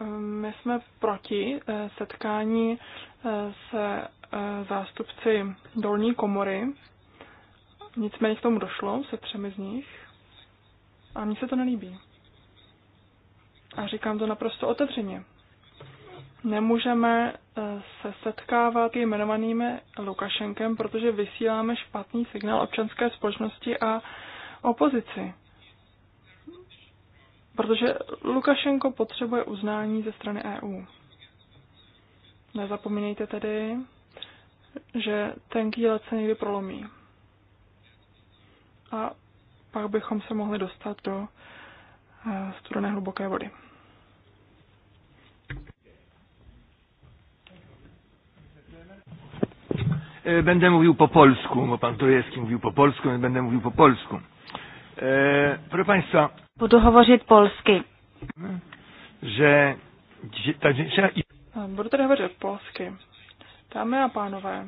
eh, my jsme proti eh, setkání eh, se zástupci dolní komory. Nicméně k tomu došlo se třemi z nich. A mně se to nelíbí. A říkám to naprosto otevřeně. Nemůžeme se setkávat jmenovanými Lukašenkem, protože vysíláme špatný signál občanské společnosti a opozici protože Lukašenko potřebuje uznání ze strany EU. Nezapomínejte tedy, že tenký let se někdy prolomí. A pak bychom se mohli dostat do eh, studené hluboké vody. E, będę mówił po polsku, bo pan Turejewski mówił po polsku, więc będę mówił po polsku. Eh, Pro Państwa. Budu hovořit polsky. Že, že, takže, že... Budu tady hovořit polsky. Dámy a pánové,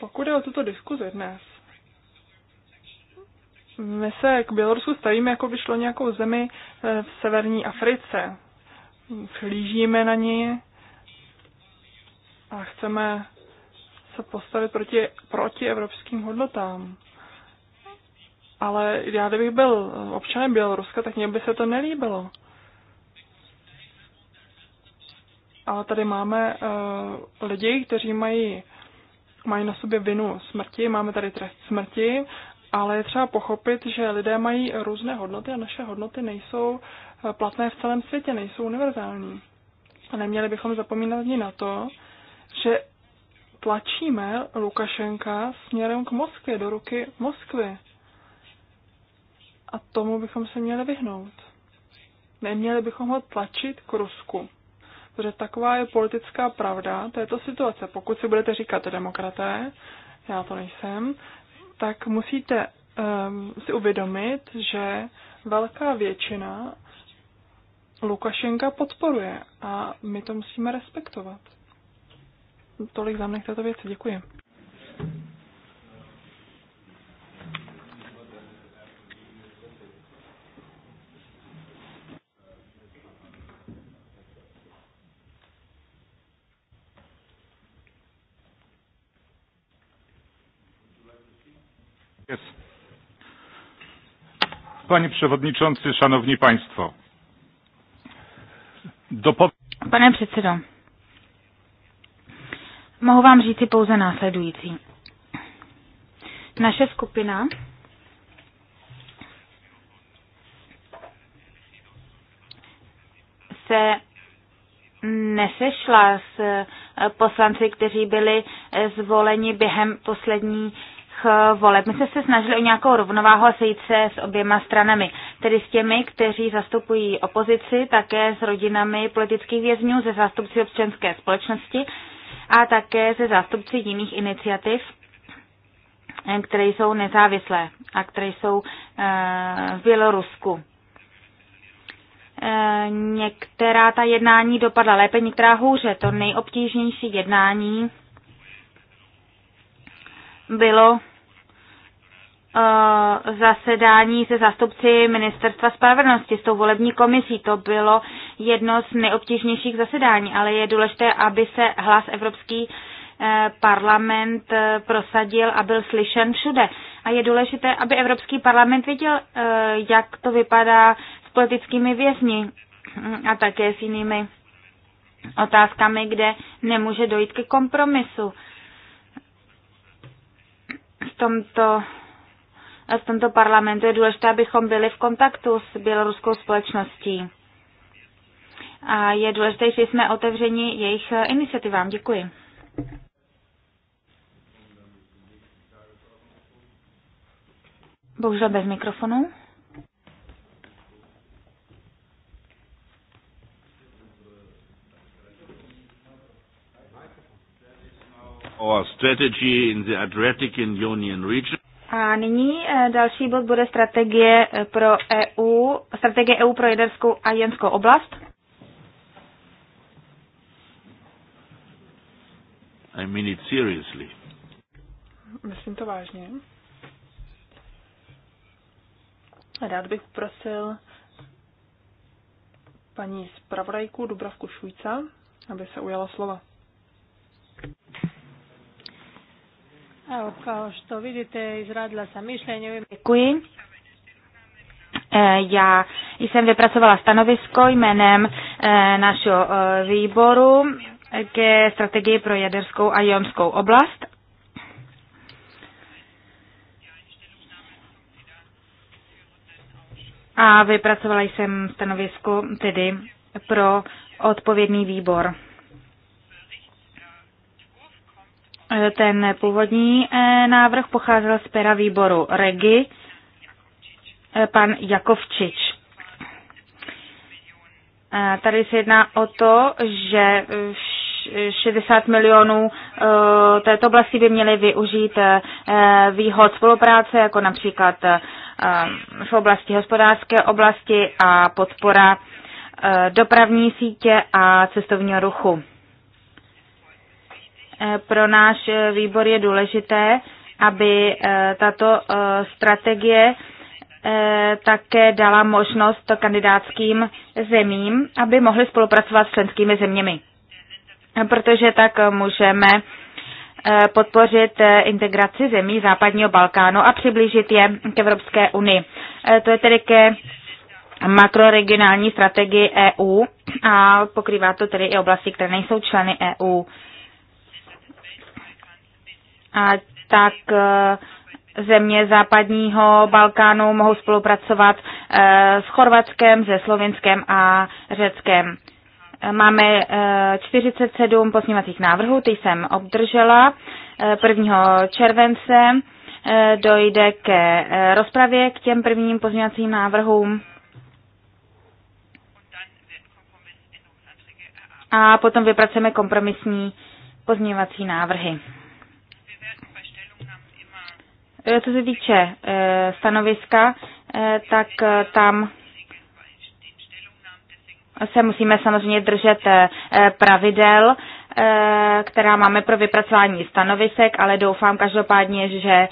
pokud je o tuto diskuzi dnes, my se k Bělorusku stavíme, jako by šlo nějakou zemi eh, v severní Africe. Hlížíme na ní a chceme se postavit proti, proti evropským hodnotám ale já kdybych byl občanem Běloruska, tak mně by se to nelíbilo. Ale tady máme uh, lidi, kteří mají, mají na sobě vinu smrti, máme tady trest smrti, ale je třeba pochopit, že lidé mají různé hodnoty a naše hodnoty nejsou eh, platné v celém světě, nejsou univerzální. A neměli bychom zapomínat ani na to, že tlačíme Lukašenka směrem k Moskvě, do ruky Moskvy. A tomu bychom se měli vyhnout. Neměli bychom ho tlačit k Rusku. Protože taková je politická pravda této situace. Pokud si budete říkat demokraté, já to nejsem, tak musíte um, si uvědomit, že velká většina Lukašenka podporuje a my to musíme respektovat. Tolik za mě k této věci. Děkuji. Panie przewodniczący, szanowni państwo. Do... Pane předsedo, mohu vám říci pouze následující. Naše skupina se nesešla s poslanci, kteří byli zvoleni během poslední Eh, voleb. My jsme se snažili o nějakou rovnováhu a sejít se s oběma stranami, tedy s těmi, kteří zastupují opozici, také s rodinami politických vězňů, ze zástupci občanské společnosti a také ze zástupci jiných iniciativ, eh, které jsou nezávislé a které jsou eh, v Bělorusku. Některá ta jednání dopadla lépe, některá hůře. To nejobtížnější jednání bylo zasedání se zástupci Ministerstva spravedlnosti s tou volební komisí. To bylo jedno z nejobtížnějších zasedání, ale je důležité, aby se hlas Evropský eh, parlament eh, prosadil a byl slyšen všude. A je důležité, aby Evropský parlament viděl, eh, jak to vypadá s politickými vězni a také s jinými otázkami, kde nemůže dojít ke kompromisu. V tomto v tomto parlamentu je důležité, abychom byli v kontaktu s běloruskou společností. A je důležité, že jsme otevřeni jejich iniciativám. Děkuji. Bohužel bez mikrofonu. Our strategy in the Adriatic and Union region. A nyní eh, další bod bude strategie eh, pro EU, strategie EU pro jaderskou a jenskou oblast. I mean it seriously. Myslím to vážně. Rád bych prosil paní zpravodajku Dubravku Švýca, aby se ujala slova vidíte, Děkuji. E, já jsem vypracovala stanovisko jménem e, našeho e, výboru ke strategii pro jaderskou a jomskou oblast. A vypracovala jsem stanovisko tedy pro odpovědný výbor. Ten původní e, návrh pocházel z pera výboru Regi, e, pan Jakovčič. E, tady se jedná o to, že 60 milionů této oblasti by měly využít výhod spolupráce, jako například v oblasti hospodářské oblasti a podpora dopravní sítě a cestovního ruchu. Eh, pro náš eh, výbor je důležité, aby eh, tato strategie také dala možnost kandidátským zemím, aby mohly spolupracovat s členskými zeměmi. Protože tak můžeme podpořit integraci zemí západního Balkánu a přiblížit je k Evropské unii. To je tedy ke makroregionální strategii EU a pokrývá to tedy i oblasti, které nejsou členy EU. A tak eh, země západního Balkánu mohou spolupracovat eh, s Chorvatskem, se Slovinskem a Řeckem. Máme 47 eh, pozměňovacích návrhů, ty jsem obdržela 1. července. Dojde ke rozpravě k těm prvním pozměňovacím návrhům. A potom vypracujeme kompromisní pozměňovací návrhy. Eh, co se týče eh, stanoviska, eh, tak tam se musíme samozřejmě držet pravidel, která máme pro vypracování stanovisek, ale doufám každopádně, že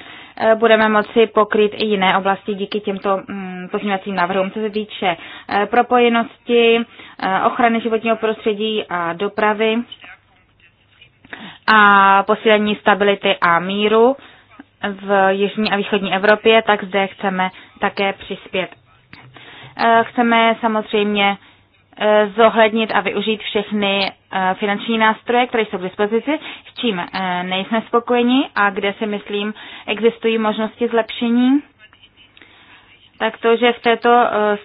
budeme moci pokryt i jiné oblasti díky těmto mm, pozměňovacím návrhům, co se týče propojenosti, ochrany životního prostředí a dopravy a posílení stability a míru v jižní a východní Evropě, tak zde chceme také přispět. Eh, chceme samozřejmě eh, zohlednit a využít všechny eh, finanční nástroje, které jsou k dispozici, s čím nejsme spokojeni a kde si myslím existují možnosti zlepšení. Tak to, že v této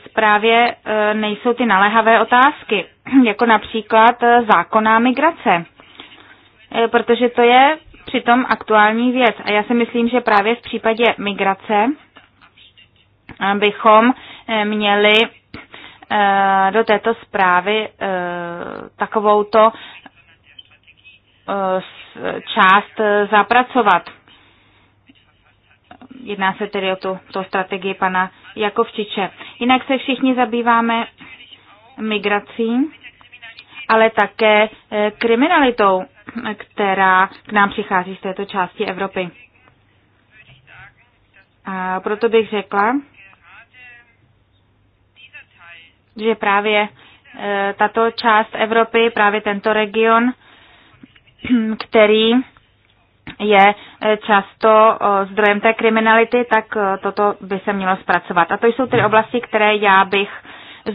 zprávě nejsou ty naléhavé otázky, <clears throat> jako například zákonná migrace, protože to je přitom aktuální věc. A já si myslím, že právě v případě migrace eh, bychom eh, měli eh, do této zprávy takovouto část zapracovat. Jedná se tedy o tu, tu strategii pana Jakovčiče. Jinak se všichni zabýváme migrací, ale také kriminalitou která k nám přichází z této části Evropy. A proto bych řekla, že právě e, tato část Evropy, právě tento region, <clears throat> který je e, často zdrojem té kriminality, tak e, toto by se mělo zpracovat. A to jsou ty oblasti, které já bych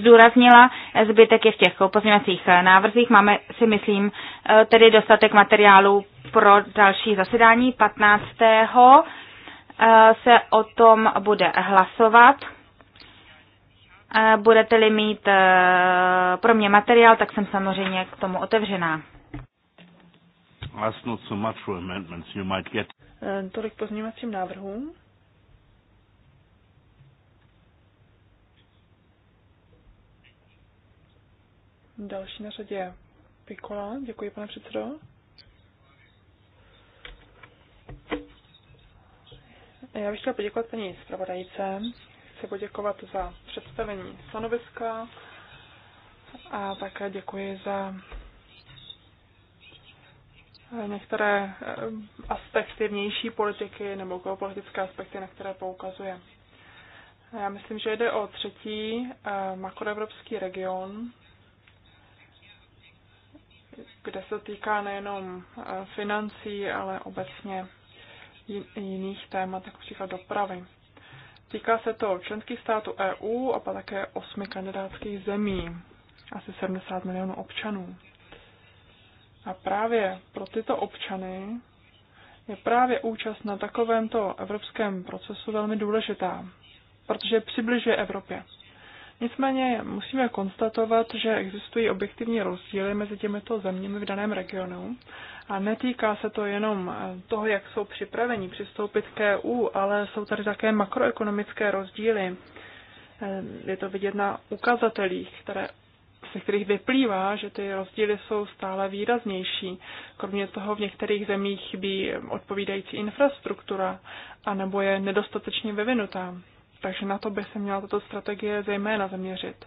zdůraznila, zbytek je v těch pozměňovacích eh, návrzích. Máme si, myslím, eh, tedy dostatek materiálu pro další zasedání 15. Eh, se o tom bude hlasovat. Budete-li mít pro mě materiál, tak jsem samozřejmě k tomu otevřená. Tolik pozměňovacím návrhům. Další na řadě je Pikola. Děkuji, pane předsedo. Já bych chtěla poděkovat paní zpravodajce. Chci poděkovat za představení stanoviska a také děkuji za některé eh, aspekty vnější politiky nebo geopolitické aspekty, na které poukazuje. Já myslím, že jde o třetí eh, makroevropský region, kde se týká nejenom eh, financí, ale obecně jiných témat, jako příklad dopravy. Týká se to členských států EU a pak také osmi kandidátských zemí, asi 70 milionů občanů. A právě pro tyto občany je právě účast na takovémto evropském procesu velmi důležitá, protože přibližuje Evropě. Nicméně musíme konstatovat, že existují objektivní rozdíly mezi těmito zeměmi v daném regionu a netýká se to jenom eh, toho, jak jsou připraveni přistoupit k EU, ale jsou tady také makroekonomické rozdíly. Eh, je to vidět na ukazatelích, které ze kterých vyplývá, že ty rozdíly jsou stále výraznější. Kromě toho v některých zemích chybí odpovídající infrastruktura, anebo je nedostatečně vyvinutá. Takže na to by se měla tato strategie zejména zaměřit.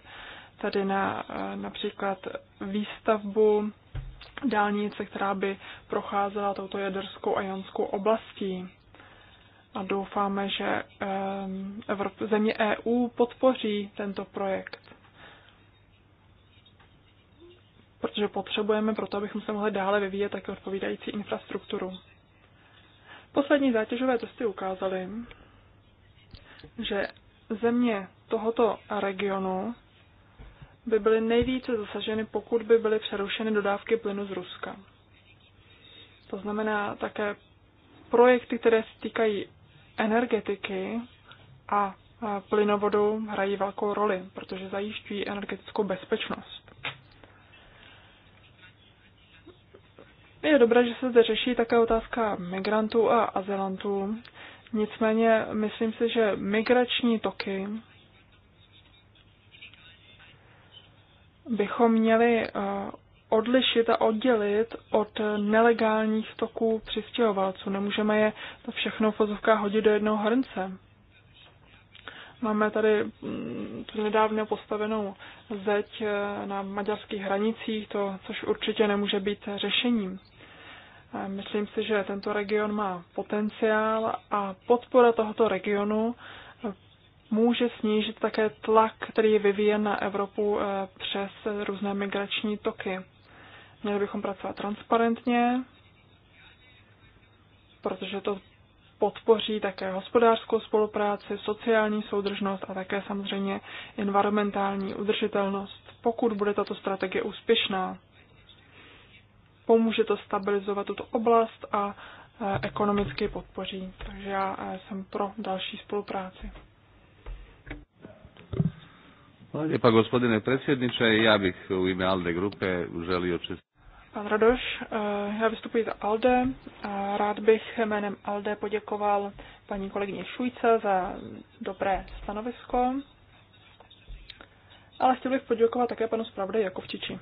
Tady na eh, například výstavbu dálnice, která by procházela touto jaderskou a janskou oblastí. A doufáme, že ehm, Evrop- země EU podpoří tento projekt. Protože potřebujeme proto, abychom se mohli dále vyvíjet také odpovídající infrastrukturu. Poslední zátěžové testy ukázaly, že země tohoto regionu by byly nejvíce zasaženy, pokud by byly přerušeny dodávky plynu z Ruska. To znamená také projekty, které se týkají energetiky a plynovodu, hrají velkou roli, protože zajišťují energetickou bezpečnost. Je dobré, že se zde řeší také otázka migrantů a azylantů, Nicméně myslím si, že migrační toky bychom měli eh, odlišit a oddělit od nelegálních toků přistěhovalců. Nemůžeme je to všechno v pozovkách hodit do jednoho hrnce. Máme tady mm, tu nedávno postavenou zeď eh, na maďarských hranicích, to, což určitě nemůže být řešením. Myslím si, že tento region má potenciál a podpora tohoto regionu může snížit také tlak, který je vyvíjen na Evropu eh, přes různé migrační toky. Měli bychom pracovat transparentně, protože to podpoří také hospodářskou spolupráci, sociální soudržnost a také samozřejmě environmentální udržitelnost, pokud bude tato strategie úspěšná pomůže to stabilizovat tuto oblast a e, ekonomicky podpoří. Takže já e, jsem pro další spolupráci. Hvala lijepa gospodine predsjedniče. Ja bih u ime ALDE grupe želio čestitati. Pan Radoš, e, já vystupuji za ALDE. Rád bych jménem ALDE poděkoval paní kolegyně Šujce za dobré stanovisko. Ale chtěl bych poděkovat také panu zpravodaji Jakovčiči.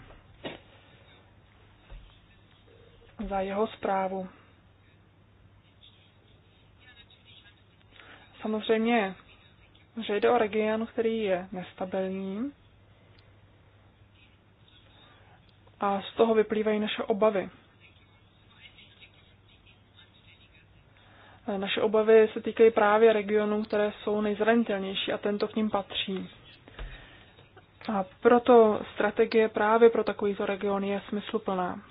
za jeho zprávu. Samozřejmě, že jde o region, který je nestabilní a z toho vyplývají naše obavy. Naše obavy se týkají právě regionů, které jsou nejzranitelnější a tento k ním patří. A proto strategie právě pro takovýto region je smysluplná.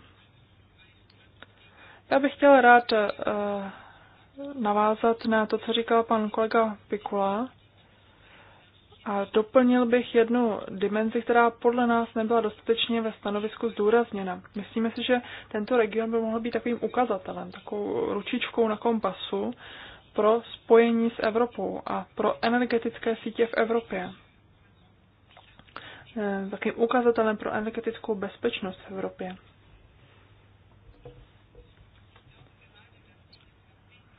Já bych chtěl rád eh, navázat na to, co říkal pan kolega Pikula. A doplnil bych jednu dimenzi, která podle nás nebyla dostatečně ve stanovisku zdůrazněna. Myslíme si, že tento region by mohl být takovým ukazatelem, takovou ručičkou na kompasu pro spojení s Evropou a pro energetické sítě v Evropě. Eh, takovým ukazatelem pro energetickou bezpečnost v Evropě.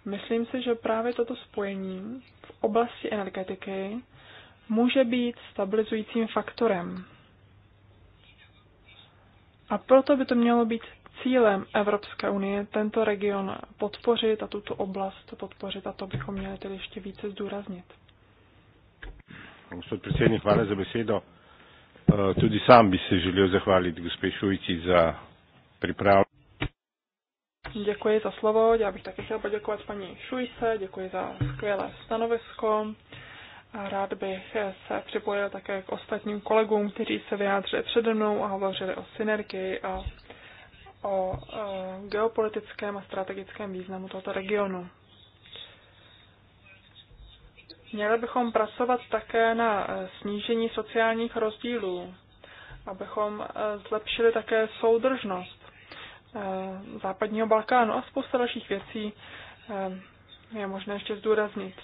Myslím si, že právě toto spojení v oblasti energetiky může být stabilizujícím faktorem. A proto by to mělo být cílem Evropské unie tento region podpořit a tuto oblast podpořit a to bychom měli tedy ještě více zdůraznit. Gospod predsednik, hvala za besedo. E, tudi sám bi se želil zahvaliti gospod Šujci za připravu. Děkuji za slovo. Já bych také chtěla poděkovat paní Šujse, děkuji za skvělé stanovisko. A rád bych se připojil také k ostatním kolegům, kteří se vyjádřili přede mnou a hovořili o synergii a o e, geopolitickém a strategickém významu tohoto regionu. Měli bychom pracovat také na e, snížení sociálních rozdílů, abychom e, zlepšili také soudržnost Eh, západního Balkánu a spousta dalších věcí eh, je možné ještě zdůraznit.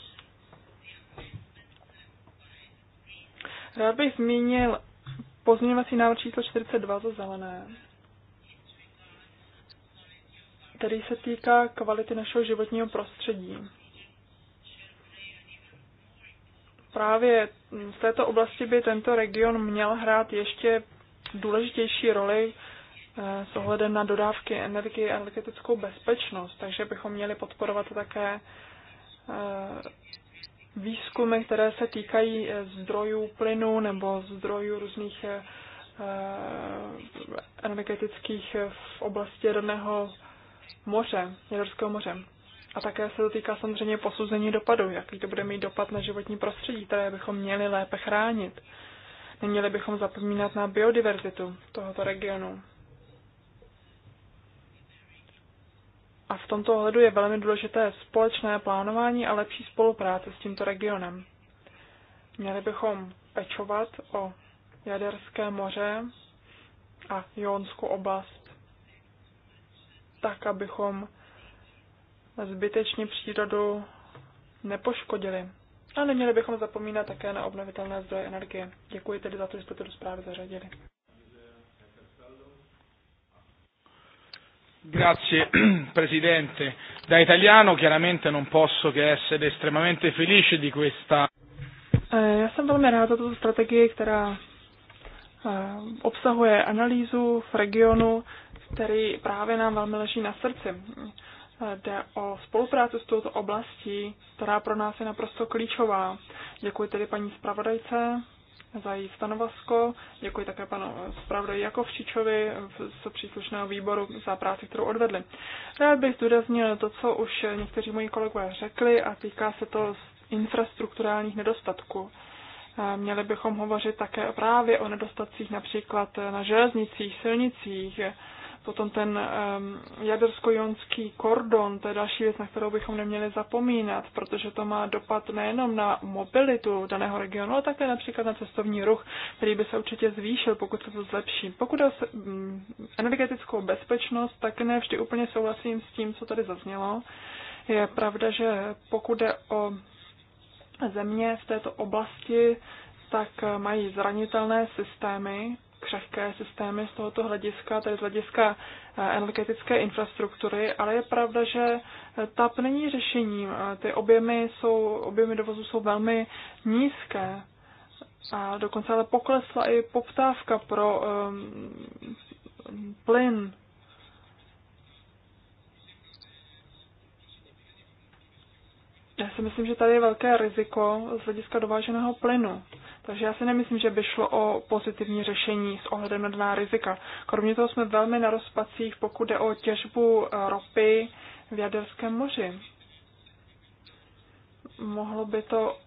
Rád bych zmínil pozměňovací návrh číslo 42 za zelené, který se týká kvality našeho životního prostředí. Právě v této oblasti by tento region měl hrát ještě důležitější roli s ohledem na dodávky energie a energetickou bezpečnost, takže bychom měli podporovat také eh, výzkumy, které se týkají eh, zdrojů plynu nebo zdrojů různých eh, energetických v oblasti jedného moře, jaderského moře. A také se to týká samozřejmě posouzení dopadu, jaký to bude mít dopad na životní prostředí, které bychom měli lépe chránit. Neměli bychom zapomínat na biodiverzitu tohoto regionu. A v tomto ohledu je velmi důležité společné plánování a lepší spolupráce s tímto regionem. Měli bychom pečovat o Jaderské moře a Jonskou oblast, tak abychom zbytečně přírodu nepoškodili. A neměli bychom zapomínat také na obnovitelné zdroje energie. Děkuji tedy za to, že jste to do zprávy zařadili. Grazie <clears throat> Presidente. Da italiano chiaramente non posso che essere estremamente felice di questa. Eh, já jsem velmi rád za tuto strategii, která eh, obsahuje analýzu v regionu, který právě nám velmi leží na srdci. Eh, jde o spolupráci s touto oblastí, která pro nás je naprosto klíčová. Děkuji tedy paní zpravodajce za její stanovisko. Děkuji také panu zpravodaji Jakovčičovi z příslušného výboru za práci, kterou odvedli. Rád bych zdůraznil to, co už někteří moji kolegové řekli a týká se to infrastrukturálních nedostatků. Měli bychom hovořit také právě o nedostatcích například na železnicích, silnicích, Potom ten um, jadersko-jonský kordon, to je další věc, na kterou bychom neměli zapomínat, protože to má dopad nejenom na mobilitu daného regionu, ale také například na cestovní ruch, který by se určitě zvýšil, pokud se to zlepší. Pokud o mm, energetickou bezpečnost, tak ne vždy úplně souhlasím s tím, co tady zaznělo. Je pravda, že pokud jde o země v této oblasti, tak eh, mají zranitelné systémy, křehké systémy z tohoto hlediska, tedy z hlediska eh, energetické infrastruktury, ale je pravda, že eh, TAP není řešením. Eh, ty objemy, jsou, objemy dovozu jsou velmi nízké. A dokonce ale poklesla i poptávka pro um, plyn. Já si myslím, že tady je velké riziko z hlediska dováženého plynu. Takže já si nemyslím, že by šlo o pozitivní řešení s ohledem na dva rizika. Kromě toho jsme velmi na rozpacích, pokud jde o těžbu eh, ropy v Jaderském moři. Mohlo by to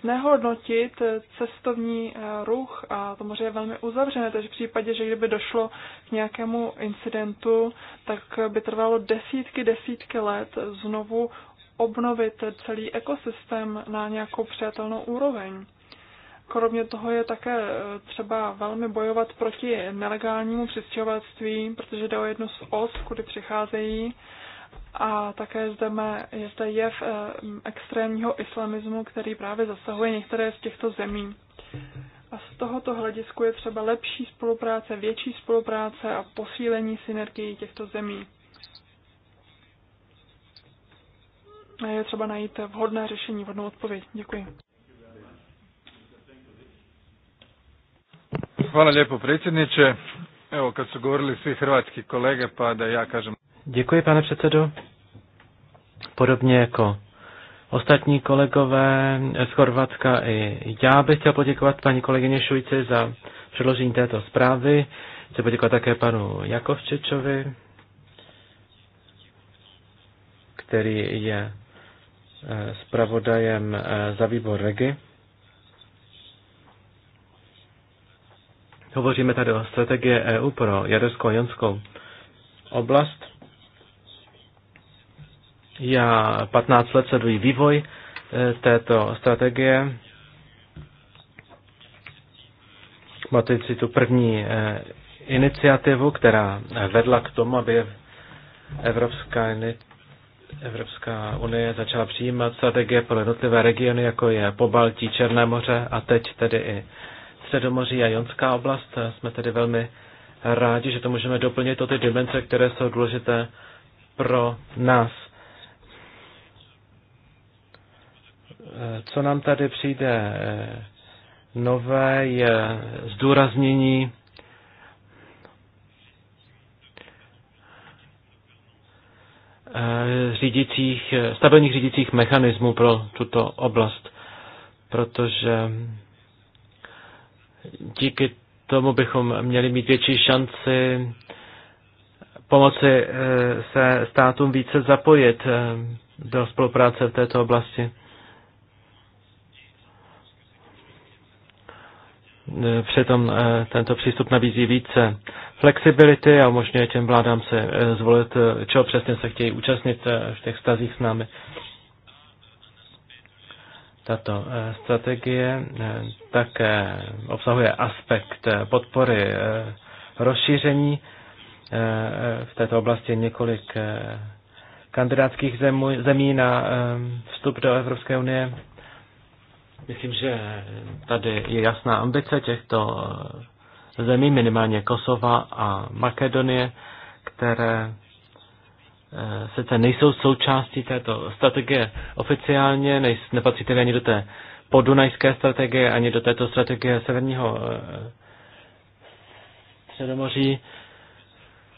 znehodnotit eh, cestovní eh, ruch a to moře je velmi uzavřené, takže v případě, že kdyby došlo k nějakému incidentu, tak by trvalo desítky, desítky let znovu obnovit celý ekosystém na nějakou přijatelnou úroveň. Kromě toho je také eh, třeba velmi bojovat proti nelegálnímu přistěhovalectví, protože jde o jednu z os, kudy přicházejí. A také zde má, je zde jev eh, extrémního islamismu, který právě zasahuje některé z těchto zemí. A z tohoto hledisku je třeba lepší spolupráce, větší spolupráce a posílení synergii těchto zemí. A je třeba najít vhodné řešení, vhodnou odpověď. Děkuji. Hvala lijepo predsjedniče. Evo kad su govorili svi hrvatski kolege, pa da ja kažem... Děkuji, pane předsedo. Podobně jako ostatní kolegové z Chorvatska i já bych chtěl poděkovat paní kolegyně Šujci za předložení této zprávy. Chci poděkovat také panu Jakovčičovi, který je eh, zpravodajem eh, za výbor Regi. Hovoříme tady o strategie EU pro jaderskou a jonskou oblast. Já 15 let sleduji vývoj e, této strategie. Máte si tu první e, iniciativu, která vedla k tomu, aby Evropská, Evropská unie začala přijímat strategie pro jednotlivé regiony, jako je Pobaltí, Černé moře a teď tedy i Středomoří a Jonská oblast. Eh, jsme tedy velmi rádi, že to můžeme doplnit o ty dimenze, které jsou důležité pro nás. Eh, co nám tady přijde eh, nové, je zdůraznění řídicích, stabilních řídicích mechanismů pro tuto oblast, protože díky tomu bychom měli mít větší šanci pomoci eh, se státům více zapojit eh, do spolupráce v této oblasti. Eh, přitom tento přístup nabízí více flexibility a umožňuje těm vládám se zvolit, čeho přesně se chtějí účastnit v těch stazích s námi. Tato eh, strategie eh, také obsahuje aspekt eh, podpory rozšíření. V této oblasti několik kandidátských zemí na vstup do Evropské unie. Myslím, že tady je jasná ambice těchto zemí, minimálně Kosova a Makedonie, které Eh, sice nejsou součástí této strategie oficiálně, nejs, nepatří tedy ani do té podunajské strategie, ani do této strategie severního eh, středomoří.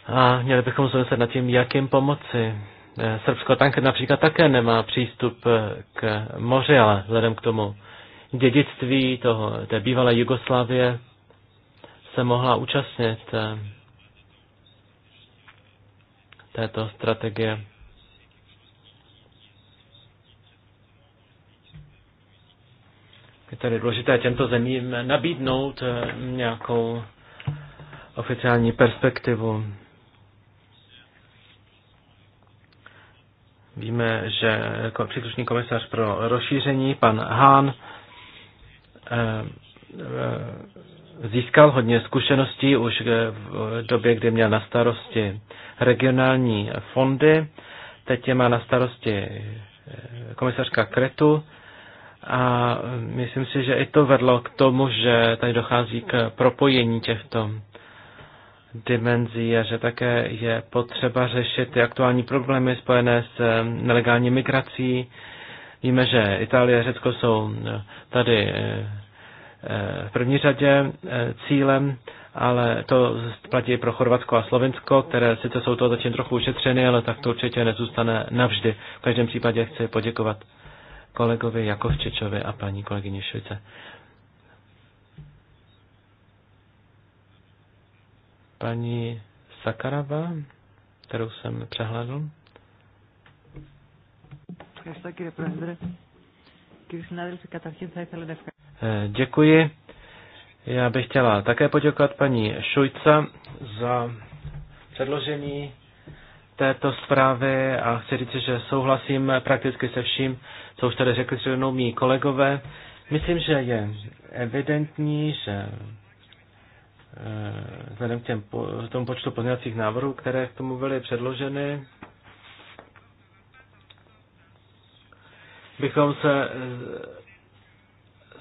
A měli bychom se nad tím, jak jim pomoci. Eh, Srbsko tank například také nemá přístup k moři, ale vzhledem k tomu dědictví toho, té bývalé Jugoslávie se mohla účastnit této strategie. Je tady důležité těmto zemím nabídnout eh, nějakou oficiální perspektivu. Víme, že příslušný komisař pro rozšíření, pan Hahn, eh, eh, získal hodně zkušeností už v době, kdy měl na starosti regionální fondy. Teď je má na starosti eh, komisařka Kretu a myslím si, že i to vedlo k tomu, že tady dochází k propojení těchto dimenzí a že také je potřeba řešit ty aktuální problémy spojené s eh, nelegální migrací. Víme, že Itálie a Řecko jsou eh, tady Eh, v první řadě eh, cílem, ale to platí pro Chorvatsko a Slovensko, které sice jsou to zatím trochu ušetřeny, ale tak to určitě nezůstane navždy. V každém případě chci poděkovat kolegovi Jakovčečovi a paní kolegyni Švice. Paní Sakarava, kterou jsem přehlédl. Ευχαριστώ κύριε Πρόεδρε. Κύριοι συνάδελφοι, καταρχήν θα ήθελα να ευχαριστήσω. Eh, děkuji. Já bych chtěla také poděkovat paní Šujca za předložení této zprávy a chci říct, že souhlasím prakticky se vším, co už tady řekli se mnou mý kolegové. Myslím, že je evidentní, že eh, vzhledem k těm, tomu počtu pozměňovacích návrhů, které k tomu byly předloženy, bychom se eh,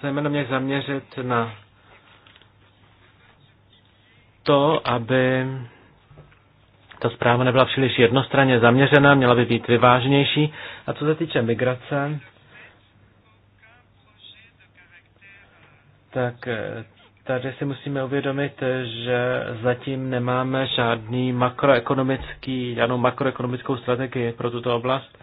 zejména mě zaměřit na to, aby ta zpráva nebyla příliš jednostranně zaměřena, měla by být vyváženější. A co se týče migrace, tak eh, tady si musíme uvědomit, že zatím nemáme žádný makroekonomický, žádnou makroekonomickou strategii pro tuto oblast.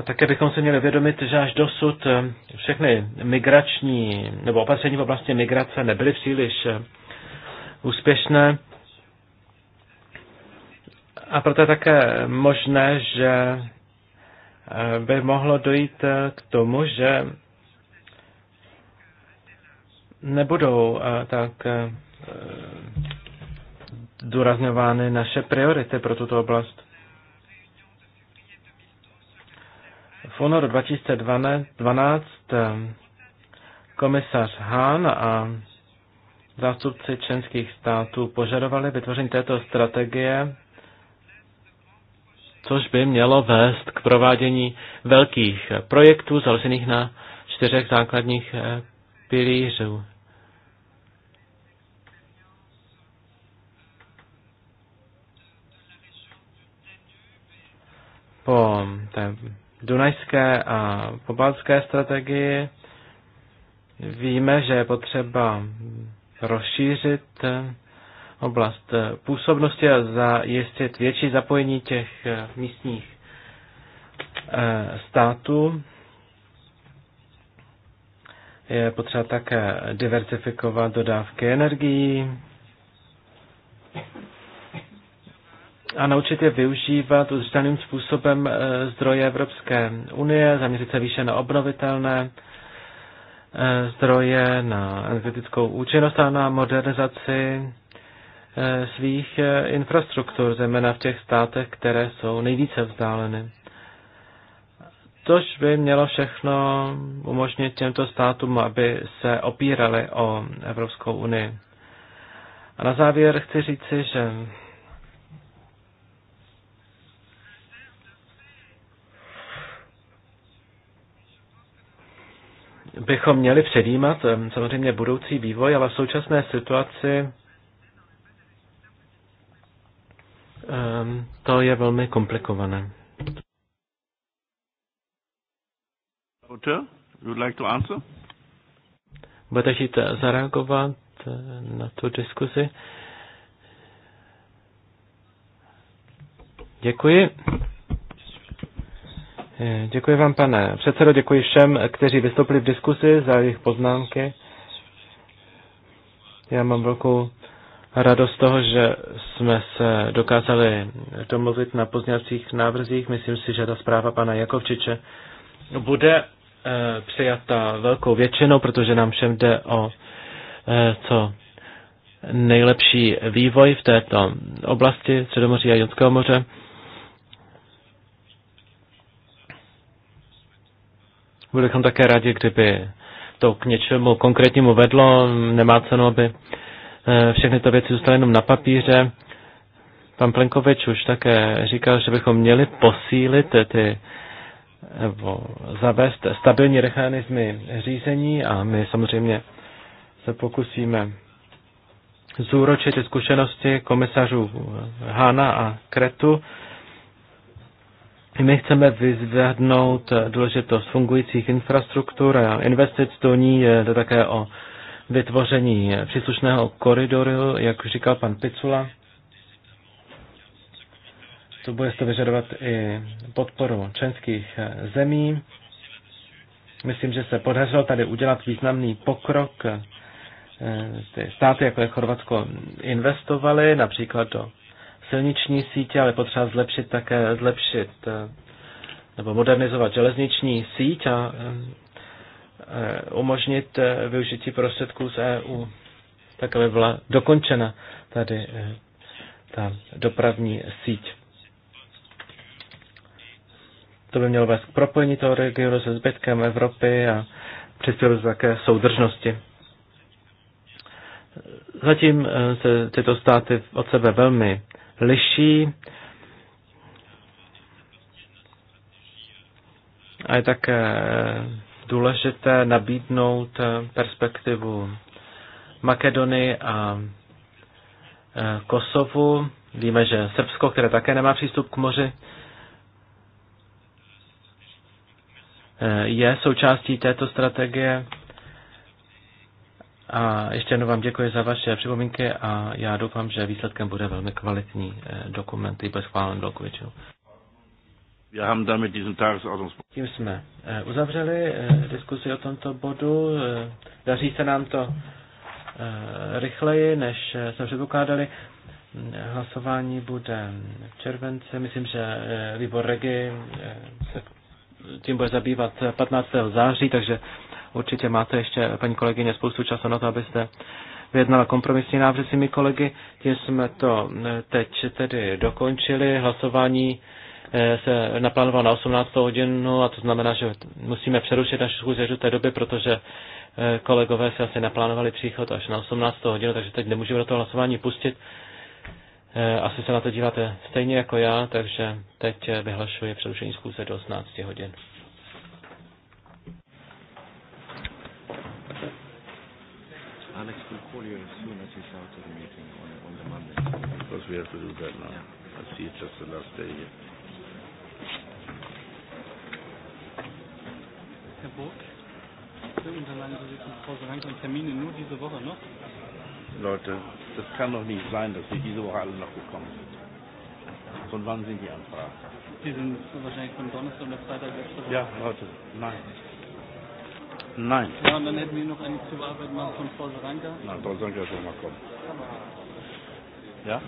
A také bychom se měli vědomit, že až dosud eh, všechny migrační nebo opatření v oblasti migrace nebyly příliš eh, úspěšné. A proto je také možné, že eh, by mohlo dojít k tomu, že nebudou tak zdůrazňovány naše priority pro tuto oblast. únoru 2012 komisař Hahn a zástupci členských států požadovali vytvoření této strategie, což by mělo vést k provádění velkých projektů založených na čtyřech základních eh, pilířů. Po té Dunajské a pobalské strategii víme, že je potřeba rozšířit oblast působnosti a zajistit větší zapojení těch místních eh, států. Je potřeba také diversifikovat dodávky energií, a naučit je využívat udržitelným způsobem eh, zdroje Evropské unie, zaměřit se výše na obnovitelné eh, zdroje, na energetickou účinnost a na modernizaci eh, svých infrastruktur, zejména v těch státech, které jsou nejvíce vzdáleny. Což by mělo všechno umožnit těmto státům, aby se opírali o Evropskou unii. A na závěr chci říci, že bychom měli předjímat samozřejmě budoucí vývoj, ale v současné situaci to je velmi komplikované. Budete chtít eh, zareagovat eh, na tu diskuzi? Děkuji. Děkuji vám, pane předsedo, děkuji všem, kteří vystoupili v diskusi za jejich poznámky. Já mám velkou radost toho, že jsme se dokázali domluvit na pozněvacích návrzích. Myslím si, že ta zpráva pana Jakovčiče bude eh, přijata velkou většinou, protože nám všem jde o eh, co nejlepší vývoj v této oblasti Středomoří a Jonského moře. bychom také rádi, kdyby to k něčemu konkrétnímu vedlo. Nemá cenu, aby eh, všechny ty věci zůstaly jenom na papíře. Pan Plenkovič už také říkal, že bychom měli posílit ty nebo zavést stabilní mechanismy řízení a my samozřejmě se pokusíme zúročit zkušenosti komisařů Hána a Kretu my chceme vyzvednout důležitost fungujících infrastruktur a investic do ní. Je to také o vytvoření příslušného koridoru, jak už říkal pan Picula. To bude to vyžadovat i podporu členských zemí. Myslím, že se podařilo tady udělat významný pokrok. Ty státy, jako je Chorvatsko, investovaly například do silniční sítě, ale potřeba zlepšit také, zlepšit eh, nebo modernizovat železniční síť a eh, eh, umožnit využití prostředků z EU, tak aby byla dokončena tady ta dopravní síť. To by mělo vést k propojení toho regionu se zbytkem Evropy a přispělo také soudržnosti. Zatím se tyto státy od sebe velmi liší. A je také eh, důležité nabídnout eh, perspektivu Makedonii a eh, Kosovu. Víme, že Srbsko, které také nemá přístup k moři, je součástí této strategie. A ještě jednou vám děkuji za vaše připomínky a já doufám, že výsledkem bude velmi kvalitní eh, dokument i bez chválen velkou většinu. Tím jsme eh, uzavřeli eh, diskusi o tomto bodu. Daří se nám to rychleji, než jsme předpokládali. Mm, hlasování bude v července. Myslím, že výbor Regi se tím bude zabývat 15. září, takže Určitě máte ještě, paní kolegyně, spoustu času na to, abyste vyjednala kompromisní návrh s mými kolegy. Tím jsme to eh, teď tedy dokončili. Hlasování eh, se naplánovalo na 18. hodinu a to znamená, že musíme přerušit naši schůzi do té doby, protože eh, kolegové se asi naplánovali příchod až na 18. hodinu, takže teď nemůžeme do toho hlasování pustit. Asi se na to díváte stejně jako já, takže teď vyhlašuji přerušení schůze do 18 hodin. Alex will call you as soon as he's out of the meeting on, on the Monday. Because we have to do that now. Yeah. I see it's just the last day here. Herr Burg, die Unterlagen sind Frau so und Termine nur diese Woche noch. Leute, das kann doch nicht sein, dass Sie diese Woche alle noch gekommen sind. Von wann sind die Anfragen? Die sind wahrscheinlich von Donnerstag oder Freitag letzte Woche. Ja, Leute, nein. Nein. Ja, und dann hätten wir noch eine zu bearbeiten machen von Frau Saranka. Nein, Frau Saranka soll mal kommen. Ja?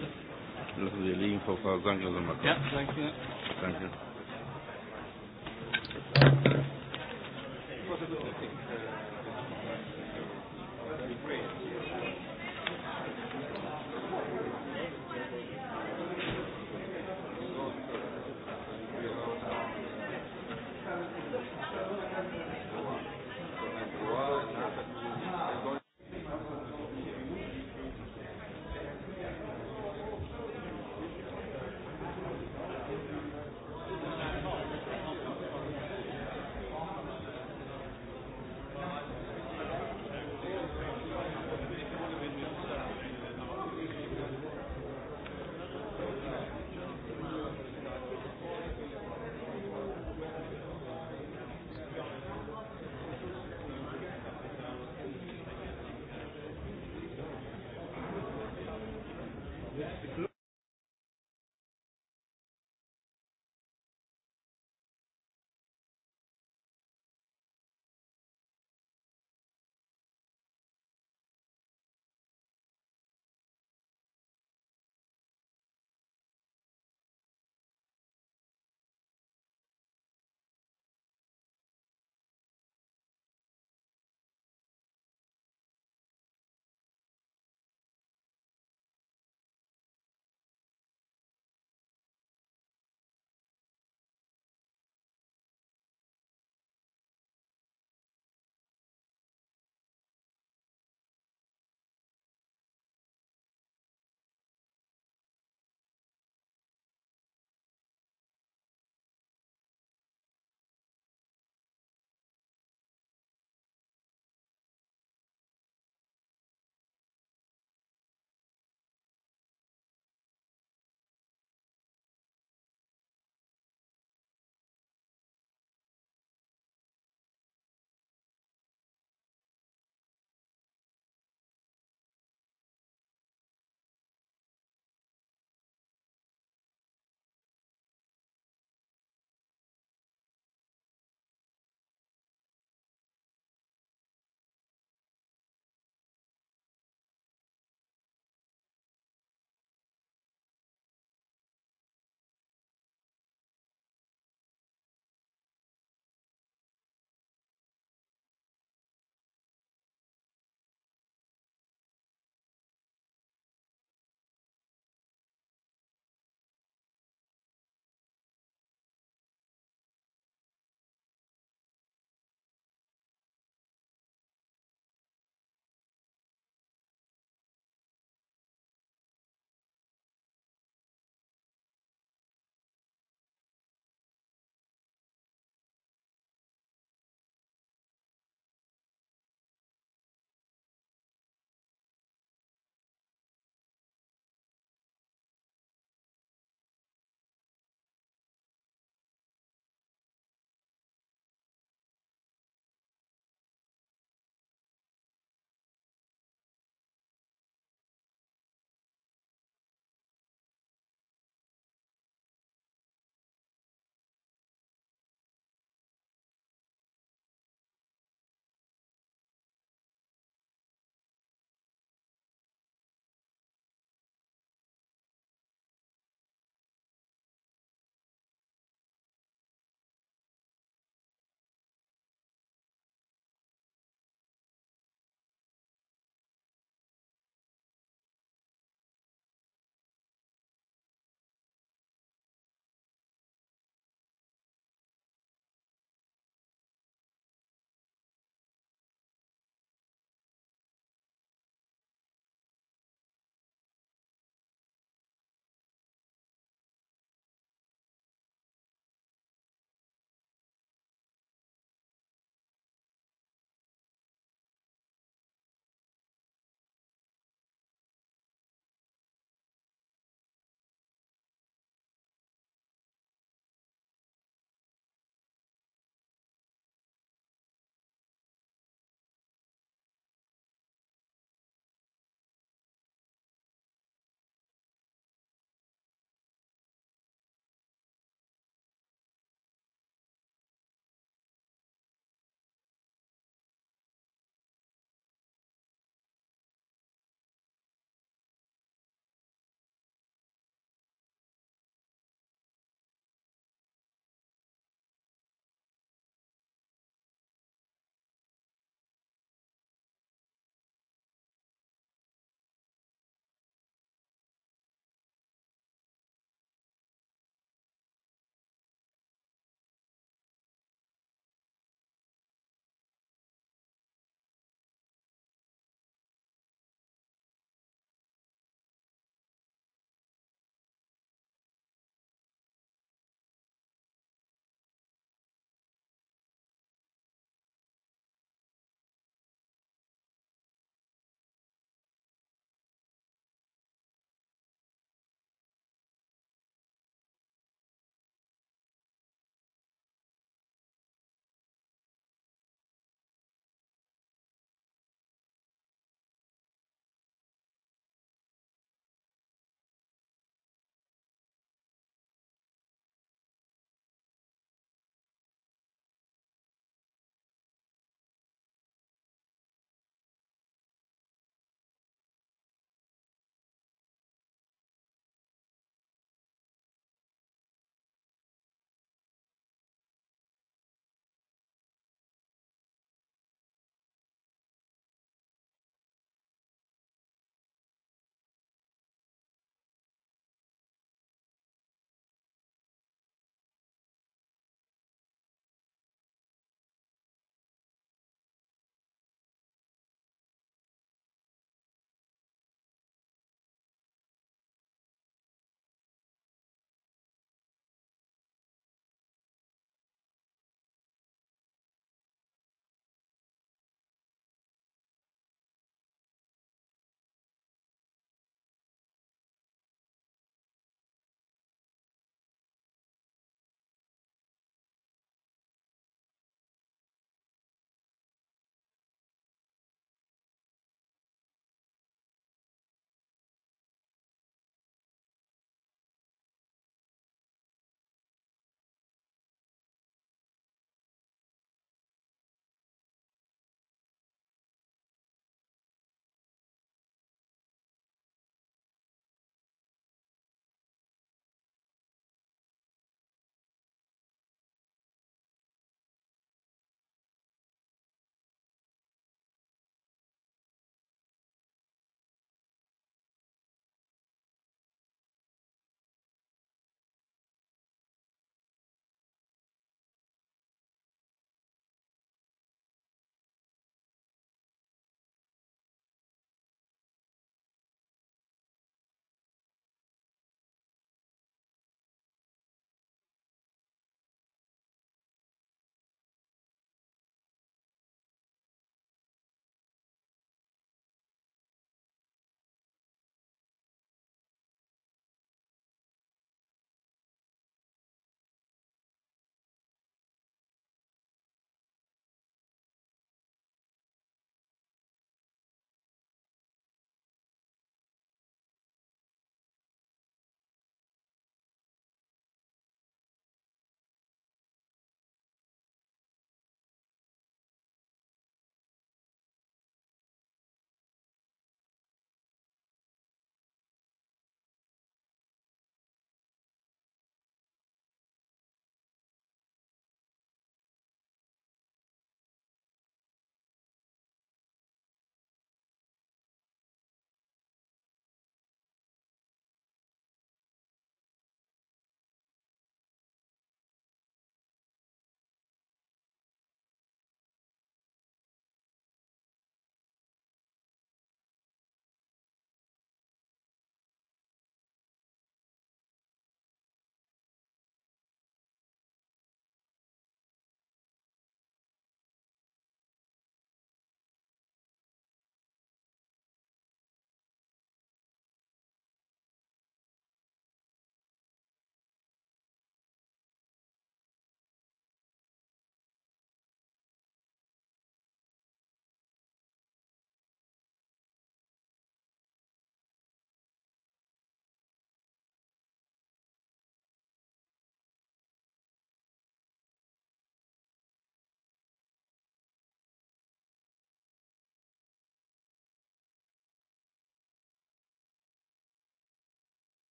Lassen Sie liegen, Frau Saranka soll mal kommen. Ja, danke. Danke.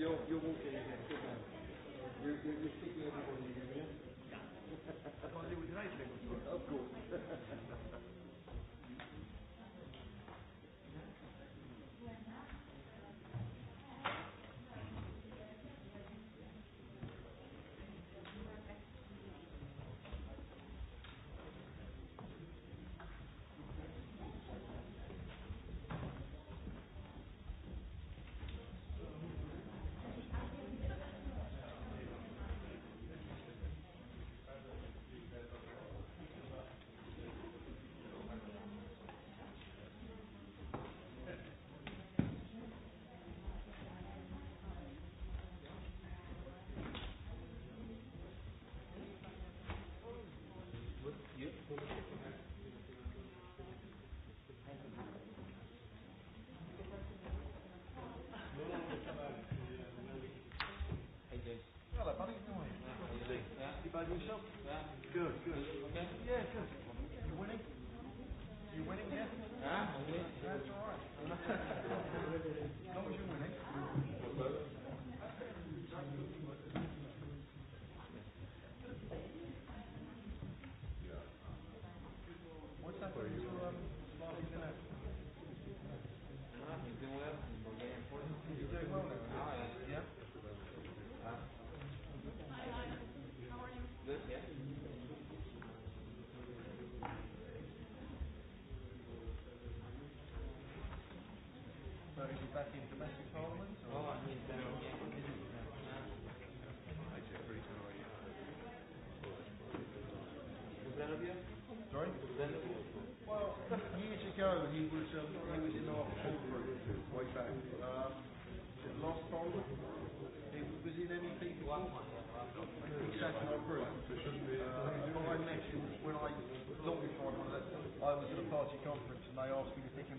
you're, you're walking in it. You're, you're, you're sticking everybody in it. Yeah. I can't deal with today's language. Of course. satisfied with yourself? Yeah. Good, good. Okay? Yeah, good. You winning? You winning yet? Huh? That's all right. As long as you're winning.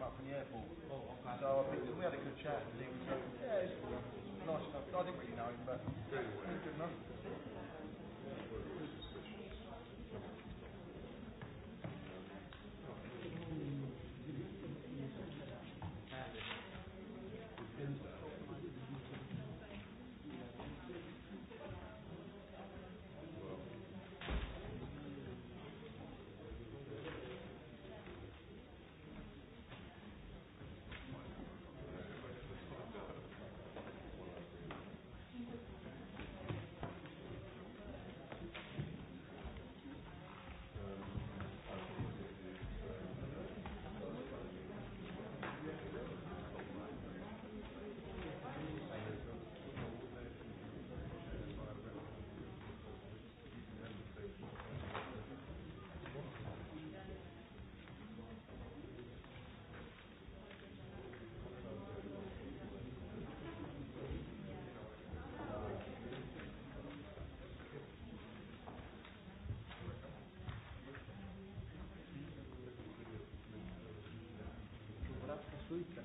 him up from the airport. So I picked him. We had a good chat. And he was, yeah, nice enough. I didn't really Thank you.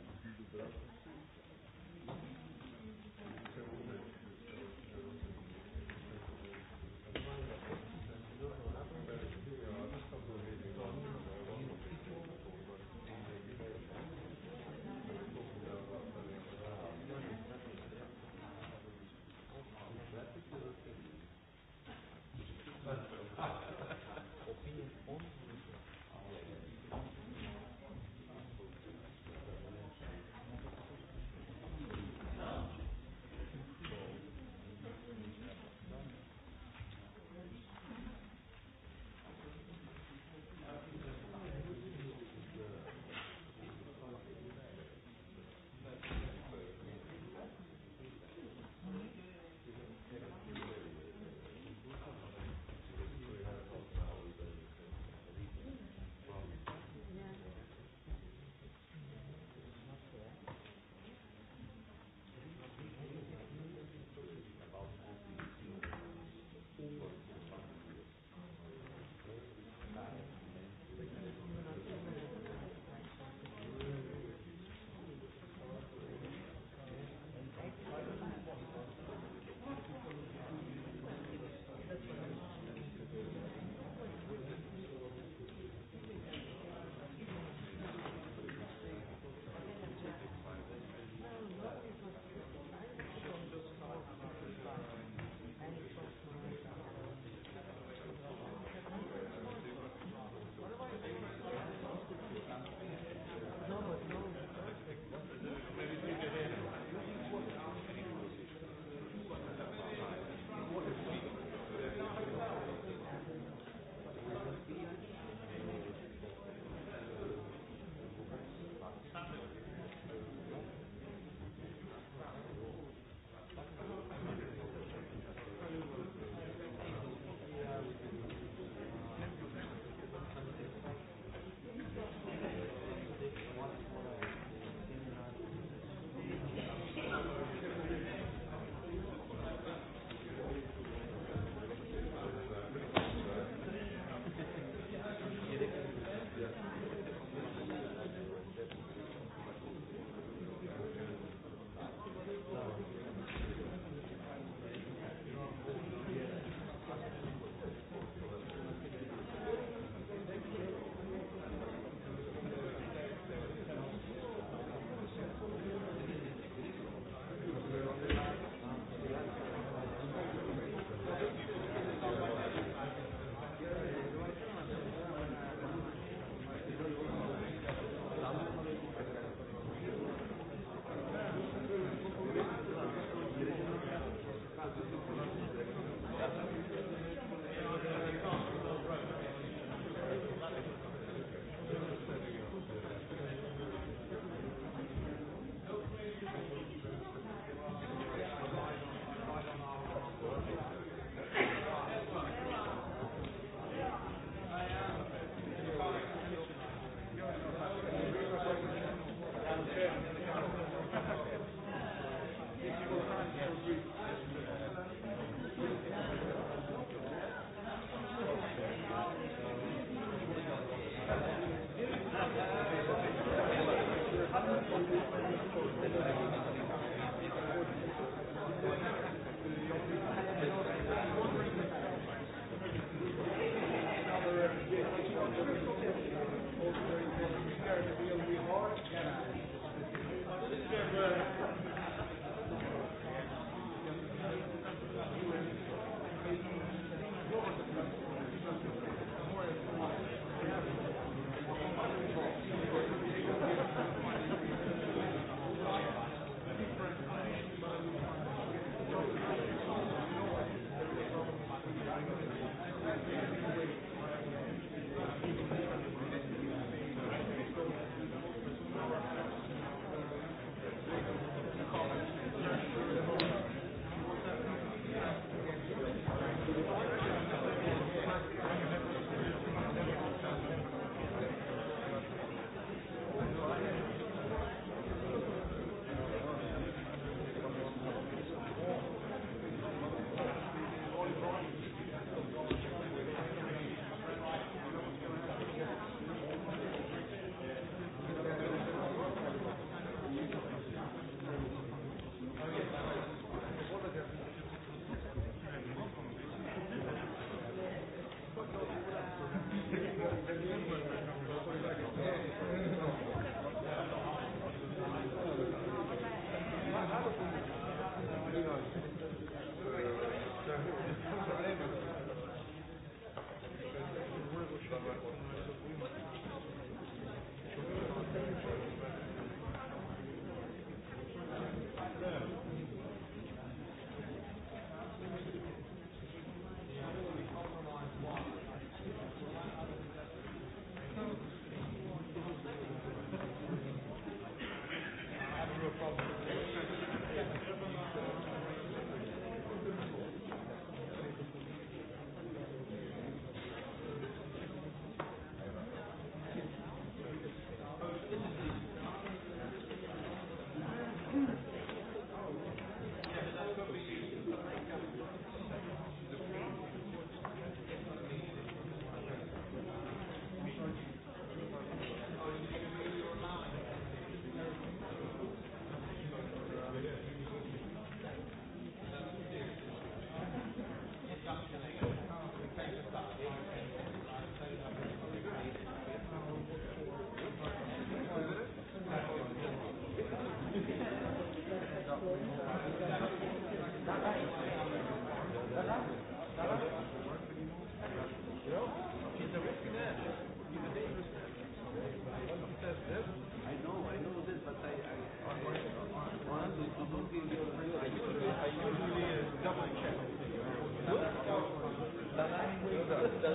Well,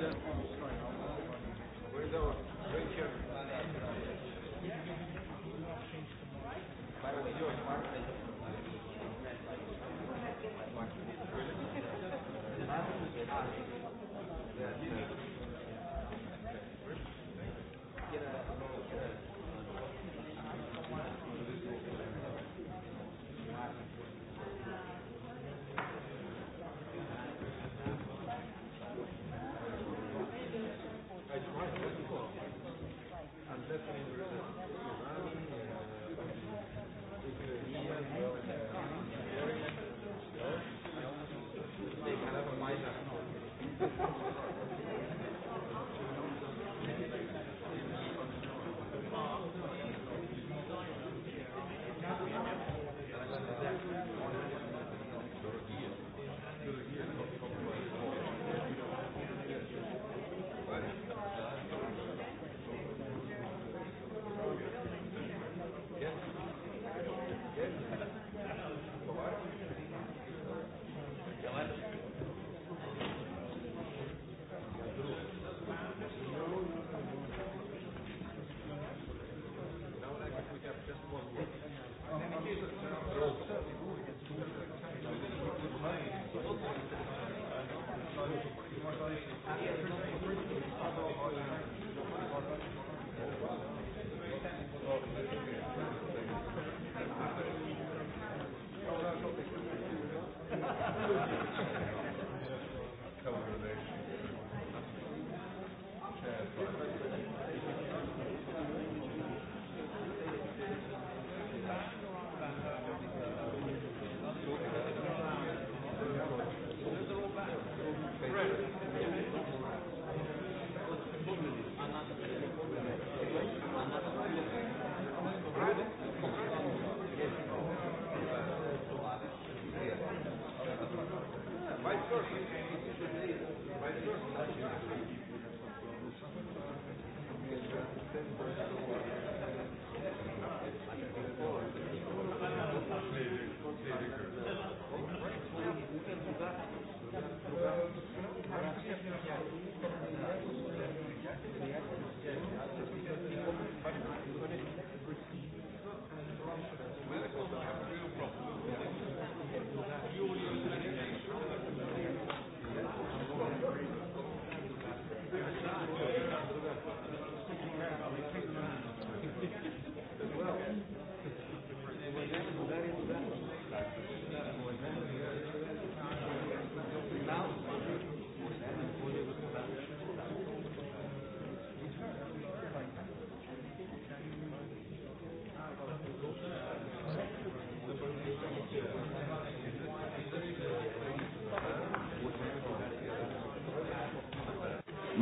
<laughs>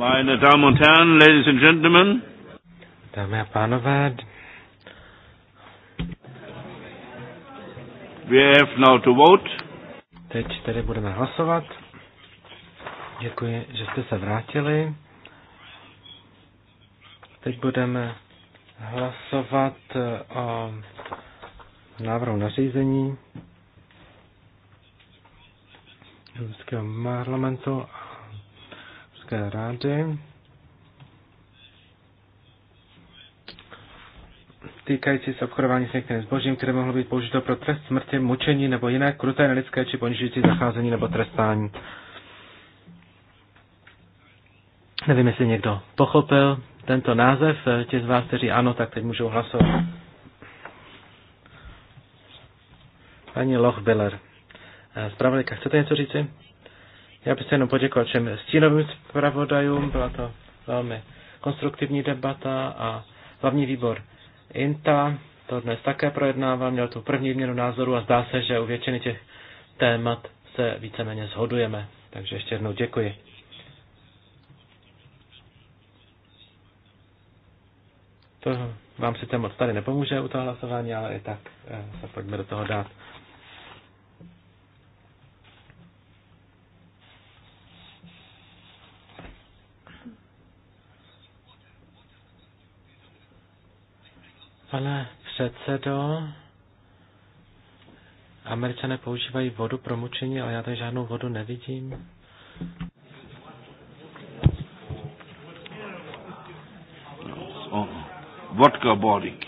Meine Damen und Herren, Ladies and Gentlemen. Dámy a pánové, We have now to vote. Teď tedy budeme hlasovat. Děkuji, že jste se vrátili. Teď budeme hlasovat eh, o návrhu nařízení Evropského parlamentu Evropské rady týkající se obchodování s některým zbožím, které mohlo být použito pro trest smrti, mučení nebo jiné kruté nelidské či ponižující zacházení nebo trestání. Nevím, jestli někdo pochopil tento název. Ti z vás, kteří ano, tak teď můžou hlasovat. Paní Lochbiller, zpravodajka, chcete něco říci? Já bych se jenom poděkoval všem stínovým zpravodajům, byla to velmi konstruktivní debata a hlavní výbor INTA to dnes také projednával, měl tu první měnu názoru a zdá se, že u většiny těch témat se víceméně shodujeme. Takže ještě jednou děkuji. To vám sice moc tady nepomůže u toho hlasování, ale i tak eh, se pojďme do toho dát. Pane předsedo, američané používají vodu pro mučení, ale já tady žádnou vodu nevidím. vodka bodík.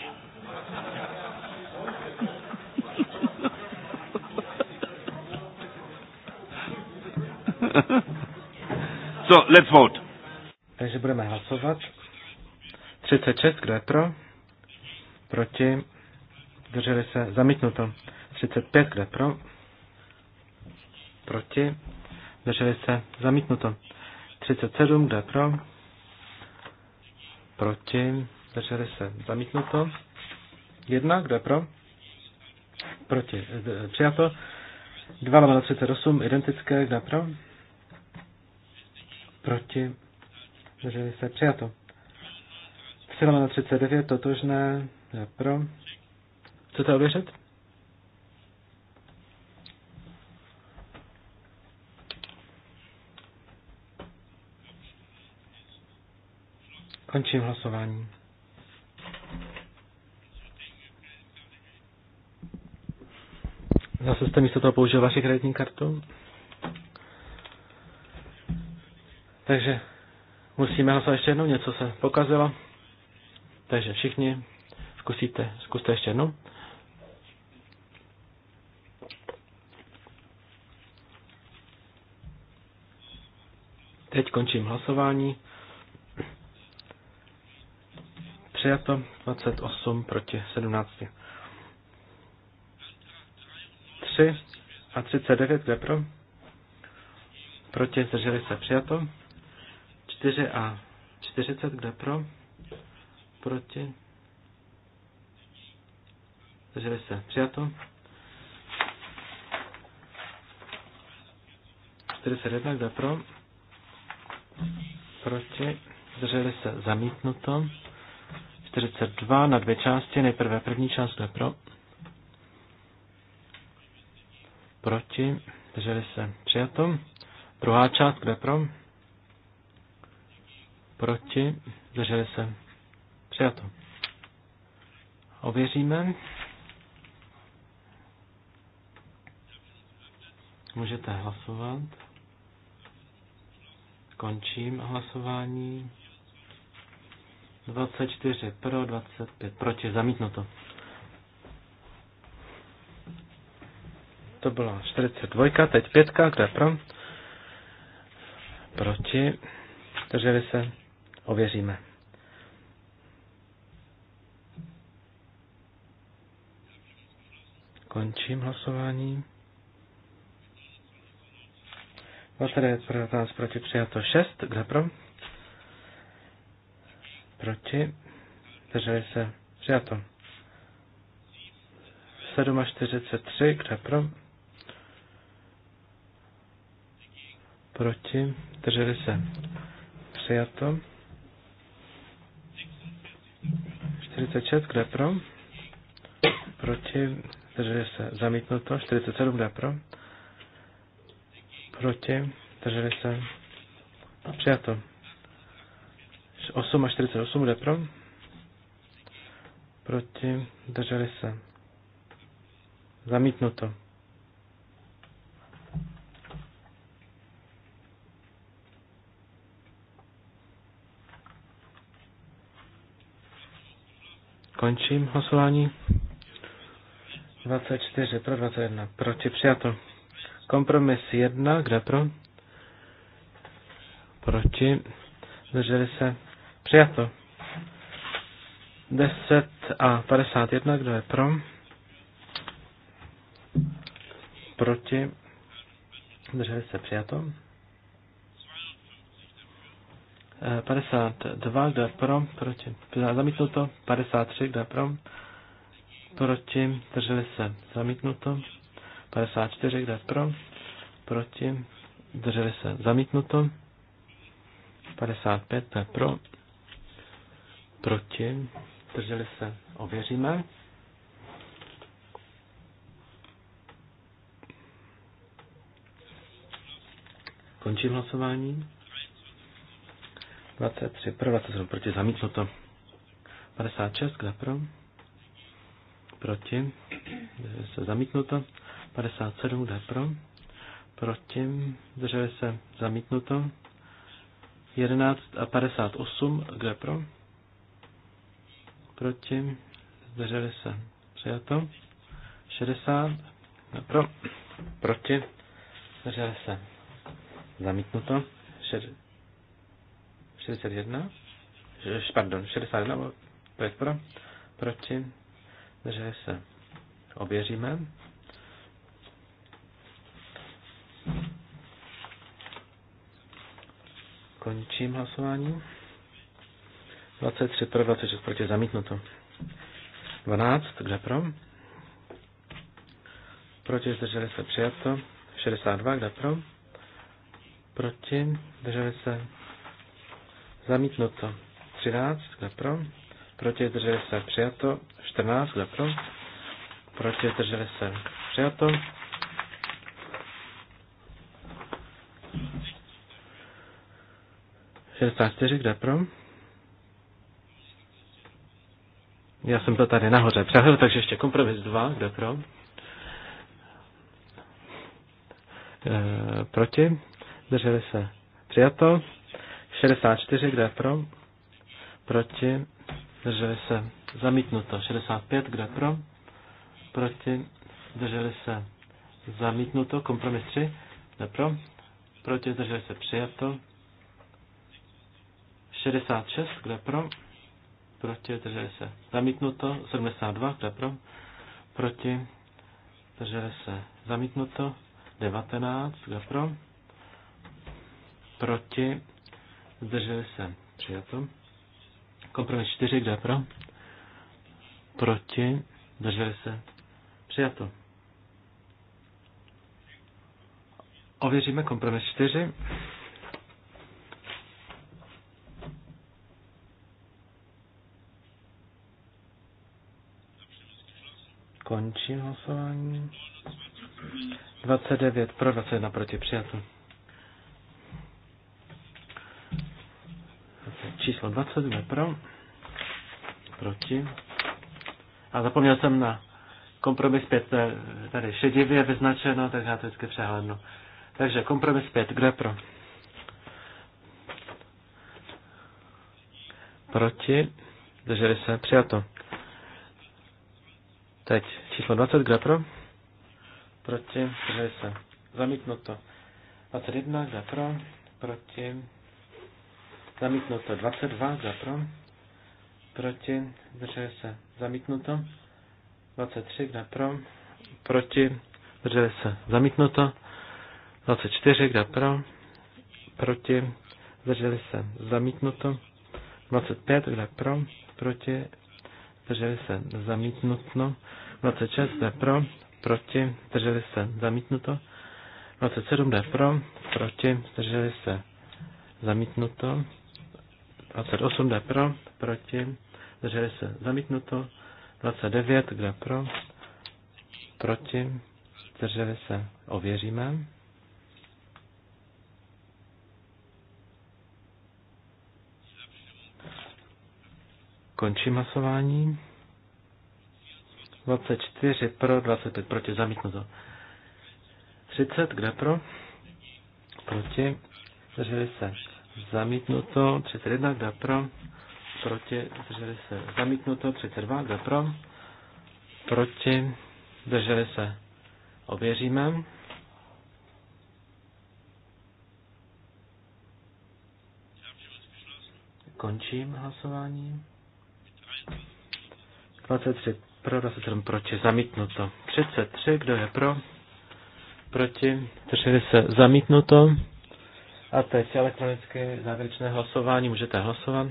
so, let's vote. Takže budeme hlasovat. 36, kdo je pro? proti, drželi se, zamítnuto. 35, kde pro, proti, drželi se, zamítnuto. 37, kde pro, proti, drželi se, zamítnuto. 1, kde pro, proti, přijato. 2 lomeno 38, identické, kde pro, proti, drželi se, přijato. 3 lomeno 39, totožné, to je pro? Chcete ověřit? Končím hlasování. Zase jste místo toho použil vaši kreditní kartu. Takže musíme hlasovat ještě jednou, něco se pokazilo. Takže všichni Zkusíte, zkuste ještě jednou. Teď končím hlasování. Přijato 28 proti 17. 3 a 39, kde pro? Proti zdrželi se přijato. 4 a 40, kde pro? Proti Zdrželi se. Přijato. 41, za pro? Proti. Zdrželi se. Zamítnuto. 42 na dvě části. Nejprve první část, je pro? Proti. Zdrželi se. Přijato. Druhá část, je pro? Proti. Zdrželi se. Přijato. Ověříme. Můžete hlasovat. Končím hlasování. 24 pro, 25 proti, zamítnuto. To byla 42, teď 5, kde pro? Proti, vy se, ověříme. Končím hlasování. 19 pro 19 proti přijato 6. Kde pro? Proti. Drželi se. Přijato. 7,43. Kde pro? Proti. Drželi se. Přijato. 46. Kde pro? Proti. Drželi se. Zamítnuto. 47. Kde pro? proti, drželi se a přijato. 8 a 48 bude pro, proti, drželi se. Zamítnuto. Končím hlasování. 24 pro 21. Proti přijato. Kompromis 1, kde pro? Proti. Zdrželi se. Přijato. 10 a 51, kdo je pro? Proti. Zdrželi se. Přijato. 52, e, kdo je pro? Proti. Zamítnuto. 53, kdo je pro? Proti. Zdrželi se. Zamítnuto. 54, kde pro, proti, drželi se zamítnuto, 55, je pro, proti, drželi se ověříme. Končím hlasování. 23 pro, 27 proti, zamítnuto. 56, kde pro? Proti, se zamítnuto. 57, jde pro, proti, zdrželi se zamítnuto, 11 a 58, jde pro, proti, zdrželi se přijato, 60, jde pro, proti, zdrželi se zamítnuto, 61, pardon, 61, 5 pro, proti, zdrželi se oběříme, Končím hlasování. 23 pro, 26 proti, zamítnuto. 12, kde pro? Proti, zdrželi se, přijato. 62, kde pro? Proti, zdrželi se, zamítnuto. 13, kde pro? Proti, zdrželi se, přijato. 14, kde pro? Proti, zdrželi se, přijato. 74, kde pro? Já jsem to tady nahoře přehl, takže ještě kompromis dva, kde pro? E, proti? Drželi se. Přijato. 64, kde pro? Proti? Drželi se. Zamítnuto. 65, kde pro? Proti? Drželi se. Zamítnuto. Kompromis 3, kde pro? Proti? Drželi se. Přijato. 66, kde pro, proti, drželi se zamítnuto, 72, kde pro, proti, drželi se zamítnuto, 19, kde pro, proti, zdrželi se přijato, kompromis 4, kde pro, proti, zdrželi se přijato. Ověříme kompromis 4. Končím hlasování. 29 pro, 21 proti přijatu. Číslo 22 pro, proti. A zapomněl jsem na kompromis 5, tady šedivě vyznačeno, tak já to vždycky přehlednu. Takže kompromis 5, kdo je pro? Proti, drželi se, přijato. Teď číslo 20, kde pro? Proti, zdrželi se. Zamítnuto. 21, kde pro? Proti. Zamítnuto. 22, kde pro? Proti, zdrželi se. Zamítnuto. 23, kde pro? Proti, zdrželi se. Zamítnuto. 24, kde pro? Proti, zdrželi se. Zamítnuto. 25, kde pro? Proti, drželi se zamítnutno, 26 jde pro, proti, drželi se zamítnuto, 27 jde pro, proti, drželi se zamítnuto, 28 jde pro, proti, drželi se zamítnuto, 29 jde pro, proti, drželi se ověříme. Končím hlasování. 24 pro, 25 proti, zamítnuto. 30, kde pro? Proti, zdrželi se. Zamítnuto, 31, kde pro? Proti, zdrželi se. Zamítnuto, 32, kde pro? Proti, zdrželi se. Ověříme. Končím hlasování. 23 pro, 27 proti, zamítnuto. 33, kdo je pro? Proti, 3 se, zamítnuto. A teď elektronické závěrečné hlasování, můžete hlasovat.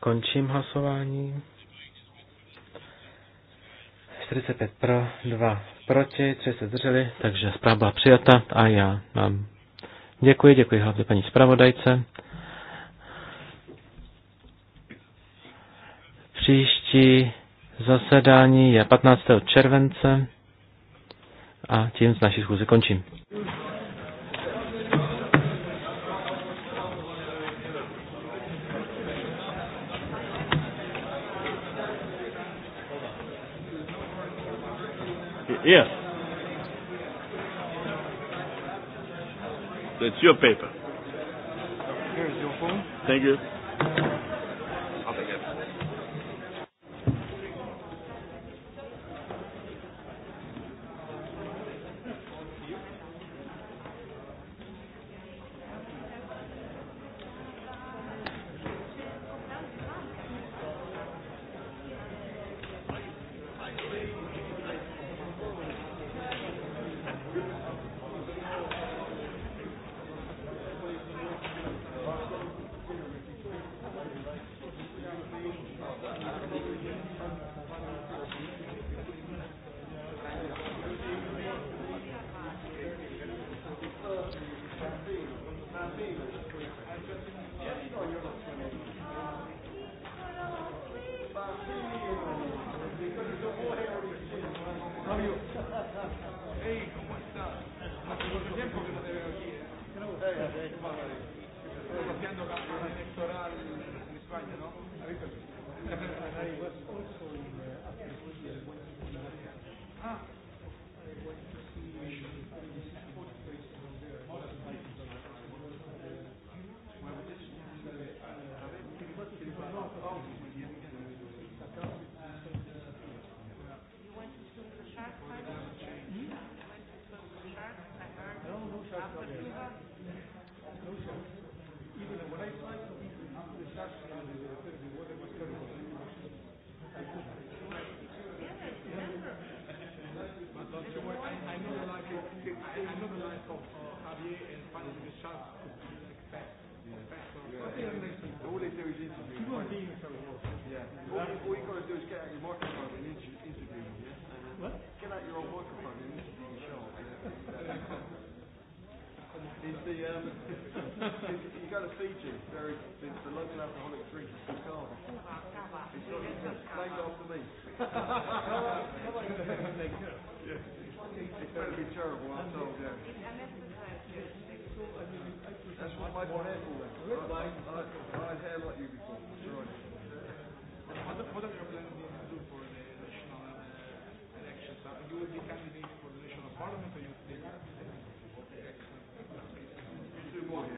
Končím hlasování. 45 pro, 2 proti, tři se zdrželi, takže zpráva byla přijata a já vám děkuji, děkuji hlavně paní zpravodajce. Příští zasedání je 15. července a tím z naší schůzy končím. Yes. That's your paper. Here's your phone. Thank you.